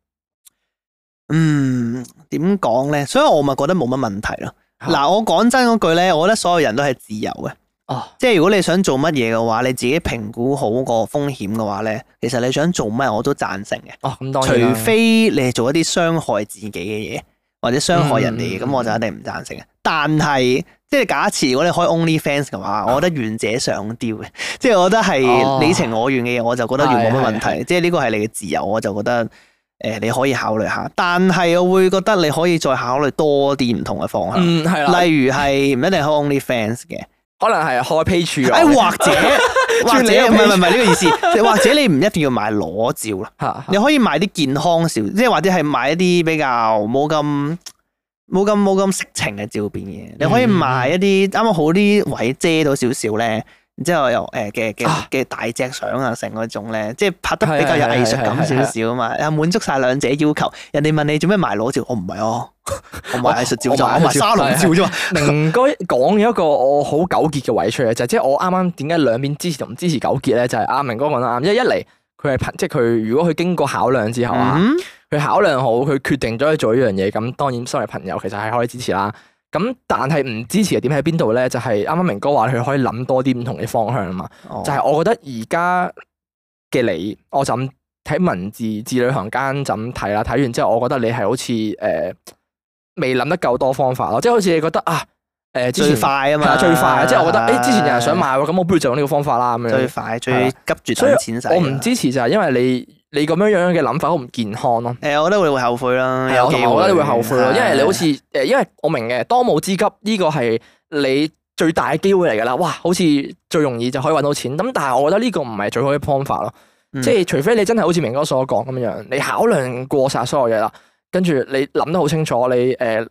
嗯，點講咧？所以我咪覺得冇乜問題咯。嗱，我講真嗰句咧，我覺得所有人都係自由嘅，哦、即係如果你想做乜嘢嘅話，你自己評估好個風險嘅話咧，其實你想做乜我都贊成嘅，哦、除非你係做一啲傷害自己嘅嘢或者傷害人哋嘅，咁、嗯嗯、我就一定唔贊成嘅。但係即係假設如果你開 OnlyFans 嘅話，哦、我覺得願者上釣嘅，即係我覺得係你情我願嘅嘢，哦、我就覺得冇乜問題。的即係呢個係你嘅自由，我就覺得。誒你可以考慮下，但係我會覺得你可以再考慮多啲唔同嘅方向，嗯、係啦、例如係唔一定係 OnlyFans 嘅，可能係開 Patreon 啊， 或者或者唔係唔係呢個意思，或者你唔一定要買裸照啦， 你可以買啲健康少，即係或者係買一啲比較冇咁冇咁冇咁色情嘅照片嘅，你可以買一啲啱啱好啲位遮到少少咧。之後又誒嘅嘅嘅大隻相啊，成嗰種咧，即係拍得比較有藝術感少少啊嘛，又滿 足晒兩者要求。人哋問你做咩賣裸照，我唔係啊，我賣藝術照，照 我賣沙龍照啫嘛。 明哥講咗一個我好糾結嘅位出嚟就即、是、係我啱啱點解兩邊支持同唔支持糾結咧，就係、是、阿明哥講得啱，因為一嚟佢係憑，即係佢如果佢經過考量之後啊，佢 考量好，佢決定咗去做呢樣嘢，咁當然身為朋友其實係可以支持啦。咁但係唔支持嘅點喺邊度咧？就係啱啱明哥話佢可以諗多啲唔同嘅方向啊嘛。Oh. 就係我覺得而家嘅你，我就睇文字字裡行間就咁睇啦。睇完之後，我覺得你係好似誒、呃、未諗得夠多方法咯。即係好似你覺得啊誒，呃、之前最快啊嘛，最快。即係的我覺得誒，的之前有人想買喎，咁我不如就用呢個方法啦。咁的樣最快最急住錢，所以我唔支持就係因為你。你咁樣樣嘅諗法好唔健康咯。誒，我覺得會後悔啦。係，我覺得你會後悔咯，會因為你好似誒，係，因為我明嘅，當務之急呢個係你最大嘅機會嚟㗎啦。哇，好似最容易就可以揾到錢。咁但係我覺得呢個唔係最好嘅方法咯。嗯、即係除非你真係好似明哥所講咁樣，你考量過晒所有嘢啦，跟住你諗得好清楚，你誒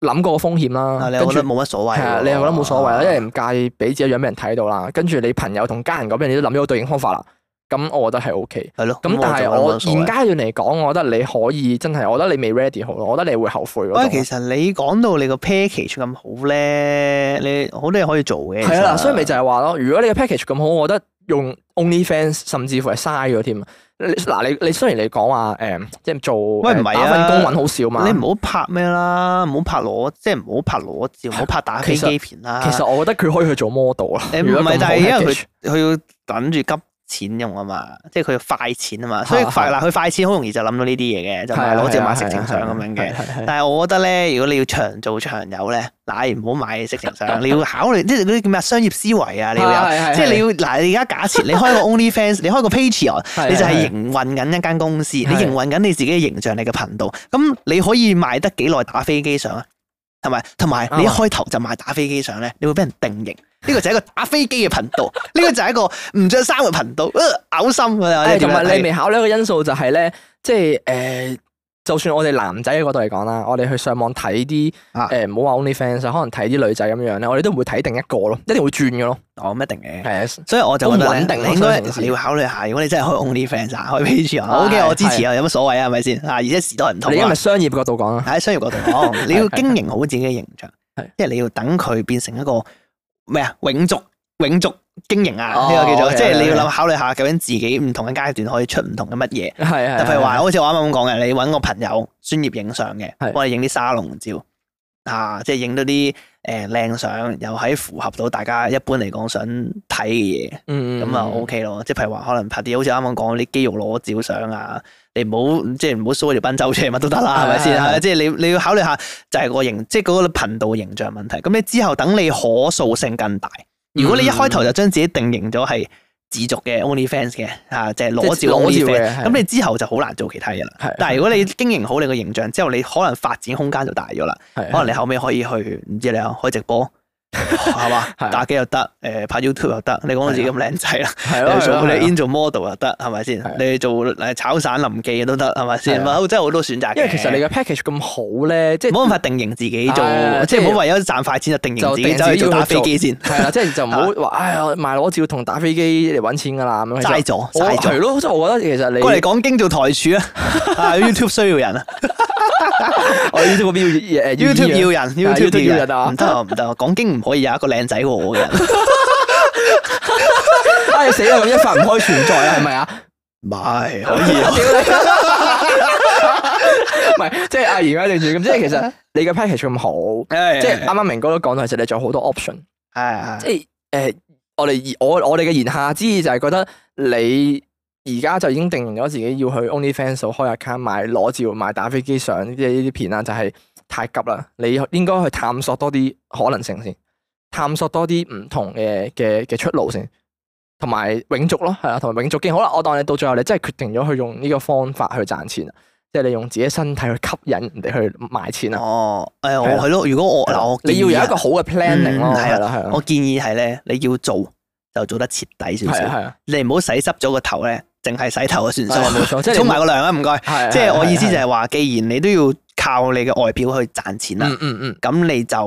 諗、呃、過風險啦。係、啊，你著覺得冇乜所謂。係啊，你又覺得冇所謂啦，啊、因為唔介意俾自己樣俾人睇到啦。跟住你朋友同家人嗰邊，你都諗咗個對應方法啦。咁我覺得係 O K，係咯。咁但係我現階段嚟講，我覺得你可以真係，我覺得你未 ready 好咯，我覺得你會後悔。喂，其實你講到你個 package 咁好咧，你好多嘢可以做嘅。係啊，所以咪就係話咯，如果你個 package 咁好，我覺得用 Only Fans 甚至乎係嘥咗添啊。嗱，你你雖然你講話誒，即係做喂，唔係打份工搵好少嘛，你唔好拍咩啦，唔好拍裸，即係唔好拍裸照，唔好拍打飛機片啦。其實我覺得佢可以去做 model 啦。誒，唔係，但係因為佢佢要等住急。錢用啊嘛，即係佢要快錢啊嘛，所以快嗱佢快錢好容易 就諗到呢啲嘢嘅，就係攞住賣色情相咁樣嘅。 但係我覺得咧，如果你要長做長有咧，嗱，唔好賣色情相，你要考慮即係嗰啲叫咩商業思維啊，你要，有。 即係你要嗱，你而家假設你開個 OnlyFans， 你開個 Patreon， 你就係營運緊一間公司，你營運緊你自己嘅形象，你嘅頻道，咁你可以賣得幾耐打飛機相啊？係咪？同埋你一開頭就賣打飛機相咧，你會俾人定型。呢個就係一個打飛機嘅頻道，呢個就係一個唔着衫嘅頻道，啊，嘔心啊！咁啊，你未考慮一個因素就係咧，即係誒，就算我哋男仔嘅角度嚟講啦，我哋去上網睇啲誒，唔好話 only fans，可能睇啲女仔咁樣咧，我哋都唔會睇定一個咯，一定會轉嘅咯。我一定嘅，所以我就唔肯定。應該你要考慮下，如果你真係開 only fans、開 page，好嘅，我支持啊，有乜所謂啊？係咪先？而且時代唔同。你因為商業角度講啊，喺商業角度講，你要經營好自己嘅形象，即係你要等佢變成一個。咩啊？永續永續經營啊！呢個叫做，即係你要諗，考慮下究竟自己唔同嘅階段可以出唔同嘅乜嘢？係啊是的，譬如話好似我啱啱咁講嘅，你搵個朋友專業影相嘅，幫你影啲沙龍照啊，即係影到啲。誒靚相又係符合到大家一般嚟講想睇嘅嘢，咁啊 OK 咯。即係譬如話，可能拍啲好似啱啱講啲肌肉裸照相啊，你唔好即係唔好 show 條賓周出乜都得啦，係咪先？即係你你要考慮下就係、個形，即係嗰個頻道形象問題。咁你之後等你可塑性更大，如果你一開頭就將自己定型咗係、嗯。嗯自足嘅 only fans 嘅，吓就係攞笑攞笑 fans，咁你之後就好難做其他嘢啦。的但係如果你經營好你個形象之後，你可能發展空間就大咗啦。的可能你後尾可以去唔知你開直播。係 嘛，打機又得，誒拍 YouTube 又得，你講到自己咁靚仔啦，你做你 in 做 model 又得，係咪先？你做炒散臨記都得，係咪先？真係好多選擇。因為其實你嘅 package 咁好咧，即係冇辦法定型自己做，啊就是、即係唔好為咗賺快錢定就定型自己做打飛機先。係啦，即係就唔好話，哎呀賣裸照同打飛機嚟搵錢噶啦咁。齋咗，齋咗咯。即係我，我覺得其實你過嚟講經做台柱 啊，YouTube 需要人啊。 我 you 要、呃、YouTube 要誒，YouTube 要人，YouTube 人要人啊！唔得唔得，講經唔可以有一個靚仔過我嘅人。 哎死啦，咁一發唔開存在啦，係咪啊？唔係可以。唔係， 即係啊！而家你住，咁。即係其實你嘅 package 咁好，即係啱啱明哥都講到，其實你仲的有好多 option 的。係，即係誒，我哋我我哋嘅言下之意就係覺得你。而家就已經定咗自己要去 OnlyFans 度開下卡，買裸照，買打飛機相呢啲呢啲片啦，就係太急啦！你應該去探索多啲可能性先，探索多啲唔同嘅嘅嘅出路先，同埋永續咯，係啊，同埋永續。見好啦，我當你到最後你真係決定咗去用呢個方法去賺錢啦，即係你用自己身體去吸引人哋去賣錢啦。哦，誒，係咯，如果我嗱，你要有一個好嘅 planning 咯，係啦，係我建議係咧，你要做就做得徹底少少，你唔好洗濕咗個頭咧。淨係洗頭嘅算數。 題，冇錯，沖埋個涼啦，唔該。是是是即係我意思就係話，是是是既然你都要靠你嘅外表去賺錢啦，咁你就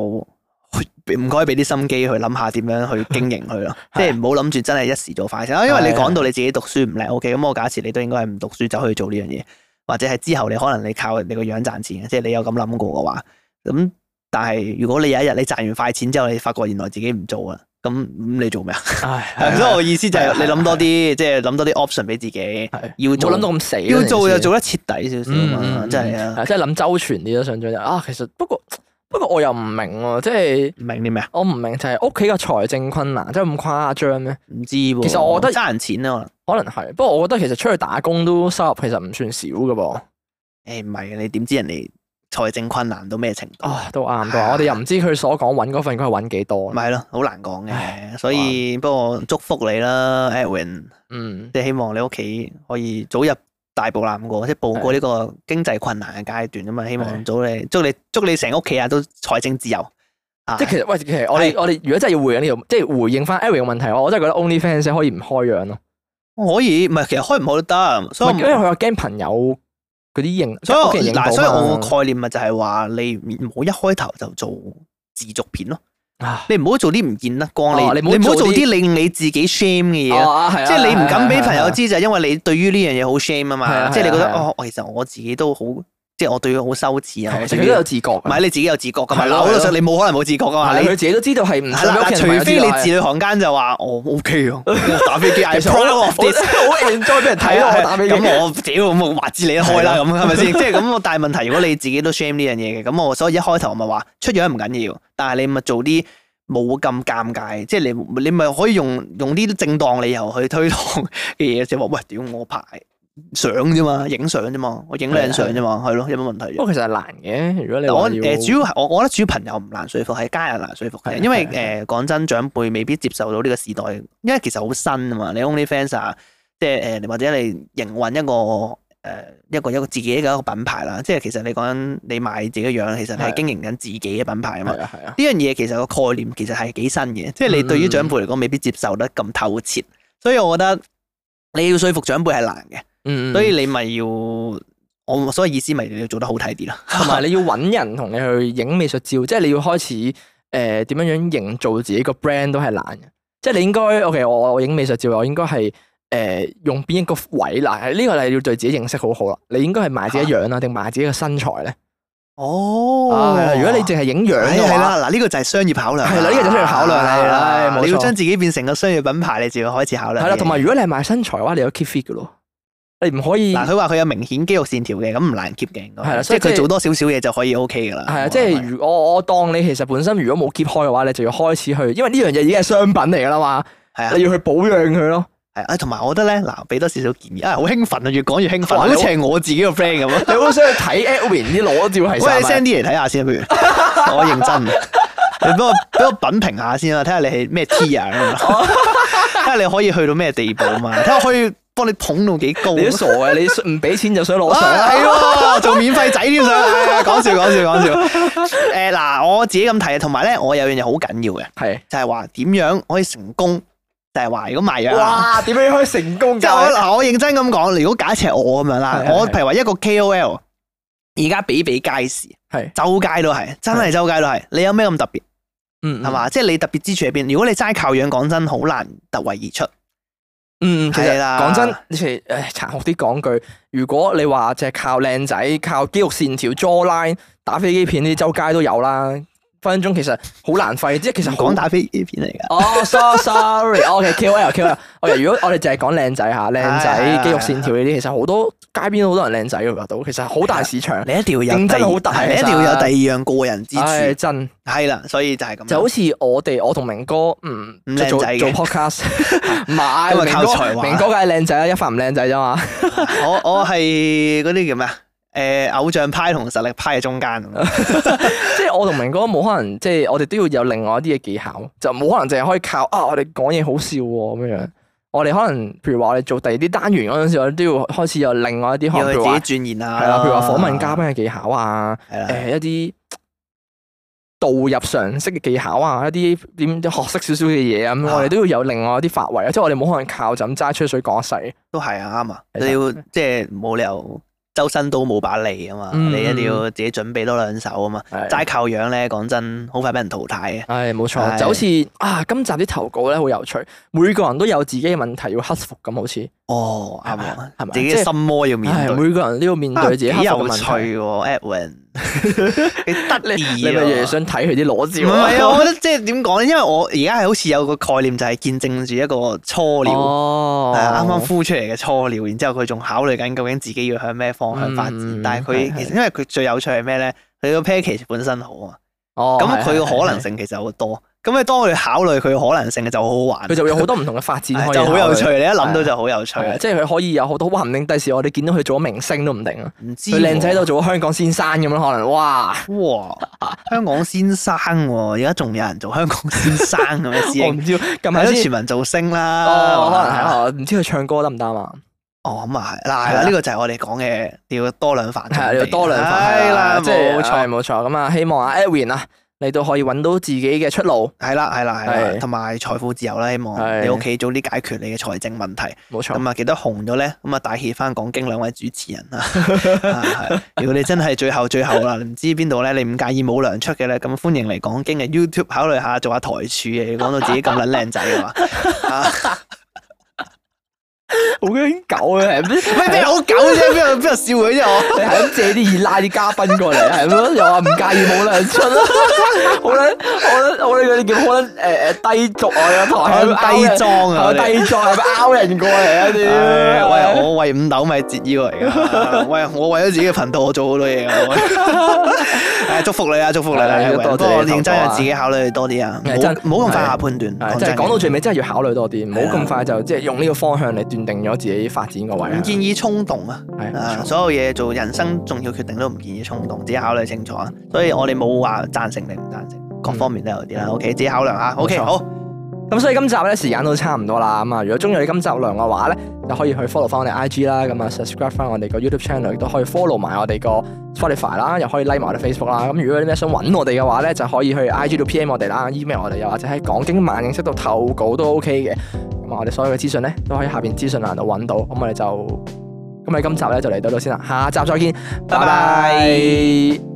唔該俾啲心機去諗下點樣去經營佢咯。是的 即係唔好諗住真係一時做快錢。因為你講到你自己讀書唔叻，O K，咁我假設你都應該係唔讀書就可以做呢樣嘢，或者係之後你可能你靠你個樣賺錢嘅，即係你有咁諗過嘅話。咁但係如果你有一日你賺完快錢之後，你發覺原來自己唔做啊。咁你做咩啊？係，所以我意思就係你諗多啲，即係諗多啲 option 俾自己。要做諗到咁死，要做就做得徹底少少真係啊，即係諗周全啲都想做。啊，其實不過不過我又唔明喎，即係唔明啲咩啊？我唔明就係屋企嘅財政困難，即係咁誇張咩？唔知喎。其實我覺得揸人錢啊，可能係。不過我覺得其實出去打工都收入其實唔算少噶噃。誒唔係，你點知人哋？財政困難到咩程度？啊，都啱噶，我哋又唔知佢所講搵嗰份，應該係搵幾多？咪係咯，好難講嘅。所以，不過祝福你啦 Edwin 嗯，即係希望你屋企可以早日大步攬過，即係步過呢個經濟困難嘅階段啊嘛。希望早你，祝你，祝你成屋企人都財政自由。即係其實喂，其實我哋我哋如果真係要回應呢度，即係回應翻 Edwin 嘅問題，我真係覺得 Only Fans 可以唔開樣咯。可以，唔係其實開唔開都得，所以因為我又驚朋友。啲型，所以我嗱，所以我個概念咪就係、是、話，你唔好一開頭就做自足片咯，啊、你唔好做啲唔見得光，你、哦、你唔好做啲令你自己 shame 嘅嘢，即係、哦啊、你唔敢俾朋友知就係因為你對於呢樣嘢好 shame 啊嘛，即係、啊、你覺得、啊啊、哦，其實我自己都好。即係我對佢好羞恥啊！自己都有自覺，唔係你自己有自覺㗎嘛？老實講，你冇可能冇自覺㗎嘛？佢自己都知道係唔係？除非你字裏行間就話我 OK 啊，打飛機。我好 enjoy 俾人睇咁我屌，我話知你開啦，咁係咪先？即係咁個大問題，如果你自己都 shame 呢樣嘢嘅，咁我所以一開頭咪話出樣唔緊要，但係你咪做啲冇咁尷尬，即係你你咪可以用用啲正當理由去推動嘅嘢先。我喂，屌我排。相啫嘛，影相啫嘛，我影靚相啫嘛，係咯，有冇問題？不過其實係難嘅，如果你我誒主要係我，我覺得主要朋友唔難說服，係家人難說服。係因為誒講真，長輩未必接受到呢個時代，因為其實好新啊嘛。你 OnlyFans 啊，即係誒或者你營運一個誒一個一個自己嘅一個品牌啦，即係其實你講緊你賣自己樣，其實係經營緊自己嘅品牌啊嘛。係啊，呢樣嘢其實個概念其實係幾新嘅，即係你對於長輩嚟講未必接受得咁透徹，所以我覺得你要說服長輩係難嘅。嗯，所以你咪要我，所以意思咪你要做得好睇啲啦，同埋你要搵人同你去影美術照，即係你要開始誒點、呃、樣樣營造自己個 brand 都係難嘅，即係你應該，OK，我我影美術照，我應該係誒用邊一個位啦，呢、這個你要對自己認識好好啦。你應該係賣自己樣啊，定賣自己嘅身材咧？哦、oh 啊，如果你淨係影樣嘅話，係啦、哎，嗱、這、呢個就係商業考量，係啦呢個就商業考量啦，啊、你要將自己變成個商業品牌，你自要開始考慮。係啦、啊，同埋如果你係賣身材嘅話，你有 keep fit 噶咯。你唔可以嗱，佢話佢有明顯肌肉線條嘅，咁唔難 keep 鏡，即係佢做多少少嘢就可以 OK 噶啦係啊，即係如我我當你其實本身如果冇 keep 開嘅話，你就要開始去，因為呢樣嘢已經係商品嚟噶啦嘛係啊，你要去保養佢咯。係啊，同埋我覺得咧，嗱，俾多少少建議，啊，好興奮啊，越講越興奮，好似我我自己個 friend 咁啊。你好想去睇 Edwin 啲裸照係衫，send 啲嚟睇下先，譬如我認真，你俾我俾我品評下先啊，睇下你係咩 tier 啊，睇下你可以去到咩地步啊嘛，睇下可以。幫你捧到幾高 你？你傻嘅，你唔俾錢就想攞相？係做、 啊啊、 免費仔添上，講笑講笑講笑。誒，嗱、呃，我自己咁提，同埋咧，我有樣嘢好緊要嘅，係是就係話點樣可以成功？就係、是、話如果賣嘢，哇，點樣可以成功？ 就係我嗱，我認真咁講，如果假設我咁樣啦，我譬如話一個 K O L，而家比比皆是，係周街都係，真係周街都係。是你有咩咁特別？嗯，係嘛？即係你特別之處喺邊？如果你齋靠樣，講真，好難突圍而出。嗯，其實講的真，你哋唉殘酷啲講句，如果你話淨係靠靚仔、靠肌肉線條、jawline 打飛機片，呢啲周街都有啦。分鐘其實好難廢，即係其實講打飛機片嚟嘅。哦，sorry，sorry，OK，KOL，KOL。如果我哋淨係講靚仔吓，靚仔肌肉線條呢啲，其實好多街邊好多人靚仔噶，到其實好大市場。你一定要競爭，好大，你一定要有第二樣個人之處。真係啦，所以就係咁。就好似我哋，我同明哥唔靚仔嘅做 podcast，唔係明哥，明哥梗係靚仔啦，一發唔靚仔啫嘛。我我係嗰啲叫咩啊？誒偶像派同實力派喺中間，即係我同明哥冇可能，即、就、係、是、我哋都要有另外一啲嘅技巧，就冇可能淨係可以靠啊！我哋講嘢好笑喎、哦、咁樣，我哋可能譬如話我哋做第二啲單元嗰陣時，我哋都要開始有另外一啲、啊，譬如自己鑽研啊，係啊，譬如話訪問嘉賓嘅技巧啊，誒對啦、呃、一啲導入常識嘅技巧啊，一啲點學識少少嘅嘢啊，咁我哋都要有另外一啲發圍啊，即係我哋冇可能靠就咁齋吹水講一世，都係啊啱啊，你要即係冇理由。周身都冇把利啊嘛，嗯、你一定要自己準備多兩手啊嘛，齋、嗯、靠樣咧講真，好快俾人淘汰嘅。係冇、哎、錯，是就好似啊今集啲投稿咧好有趣，每個人都有自己嘅問題要克服咁，好似哦，啱係咪？係咪？自己心魔要面對，每個人都要面對自己克服問題。好、啊、有趣、啊、Edwin 你得意啊？你咪越想睇佢啲裸照。唔係啊，我覺得即係點講咧？因為我而家係好似有個概念，就係見證住一個雛鳥，係啊、哦，啱啱孵出嚟嘅雛鳥。然之後佢仲考慮緊究竟自己要向咩方向發展。嗯嗯、是是但係佢其實因為佢最有趣係咩咧？佢個 package 其實本身好啊。哦，咁佢個可能性其實好多。咁你當佢考慮佢可能性嘅，就好好玩，佢就會有好多唔同嘅發展，就好有趣。你一諗到就好有趣，即係佢可以有好多唔定。第時我哋見到佢做咗明星都唔定啊，唔知佢靚仔到做咗香港先生咁樣可能，哇哇，香港先生，而家仲有人做香港先生咁樣，我唔知，近排啲全民造星啦，可能唔知佢唱歌得唔得啊嘛？哦，咁啊係，嗱，呢個就係我哋講嘅，要多兩份，要多兩份，係啦，冇錯冇錯，咁啊，希望阿 Aaron 啊。你都可以揾到自己嘅出路，係啦係啦係啦，同埋財富自由啦。希望你屋企早啲解決你嘅財政問題。冇錯錯，咁啊，記得紅咗呢？咁啊，大氣翻講經兩位主持人 啊！如果你真係最後最後啦，唔知邊度呢？你唔介意冇糧出嘅咧，咁歡迎嚟講經嘅 YouTube 考慮下做下台柱嘅，講到自己咁捻靚仔嘅話。 啊啊好驚狗啊！係咩？喂，你好狗啫，邊度邊度笑嘅啫？我係咁借啲意拉啲嘉賓過嚟，係咪咯？又話唔介意冇人出啦？好啦，好啦，我呢啲叫好啦，誒誒低俗啊，台低裝啊，低裝，勾人過嚟啊！屌，喂，我為五斗米折腰嚟噶，喂，我為咗自己嘅頻道，我做好多嘢啊！誒，祝福你啊，祝福你啊，多謝你認真啊，自己考慮多啲啊，唔好唔好咁快下判斷，即係講到最尾，真係要考慮多啲，唔好咁快就即係用呢個方向嚟斷。定咗自己發展個位唔建議衝動啊，錯所有嘢做人生重要決定都唔建議衝動，嗯、自己考慮清楚啊。所以我哋冇話贊成定唔贊成，嗯、各方面都有啲啦。OK，自己考量下 OK，錯好。咁所以今集咧時間都差唔多啦。咁啊，如果中意我哋今集量嘅話咧，就可以去 follow 翻我哋 IG 啦。咁啊，subscribe 翻我哋個 YouTube channel，亦都可以 follow 埋我哋個 Spotify 啦，又可以拉、like、埋我哋 Facebook 啦。咁如果你咩想揾我哋嘅話咧，就可以去 IG 度 PM 我哋啦，email 我哋，又 或者喺講經萬應室度投稿都 OK 嘅。我哋所有嘅資訊咧，都可以喺下面資訊欄度揾到。咁我哋就咁，喺今集咧就嚟到到先啦。下集再見，拜拜 bye。Bye bye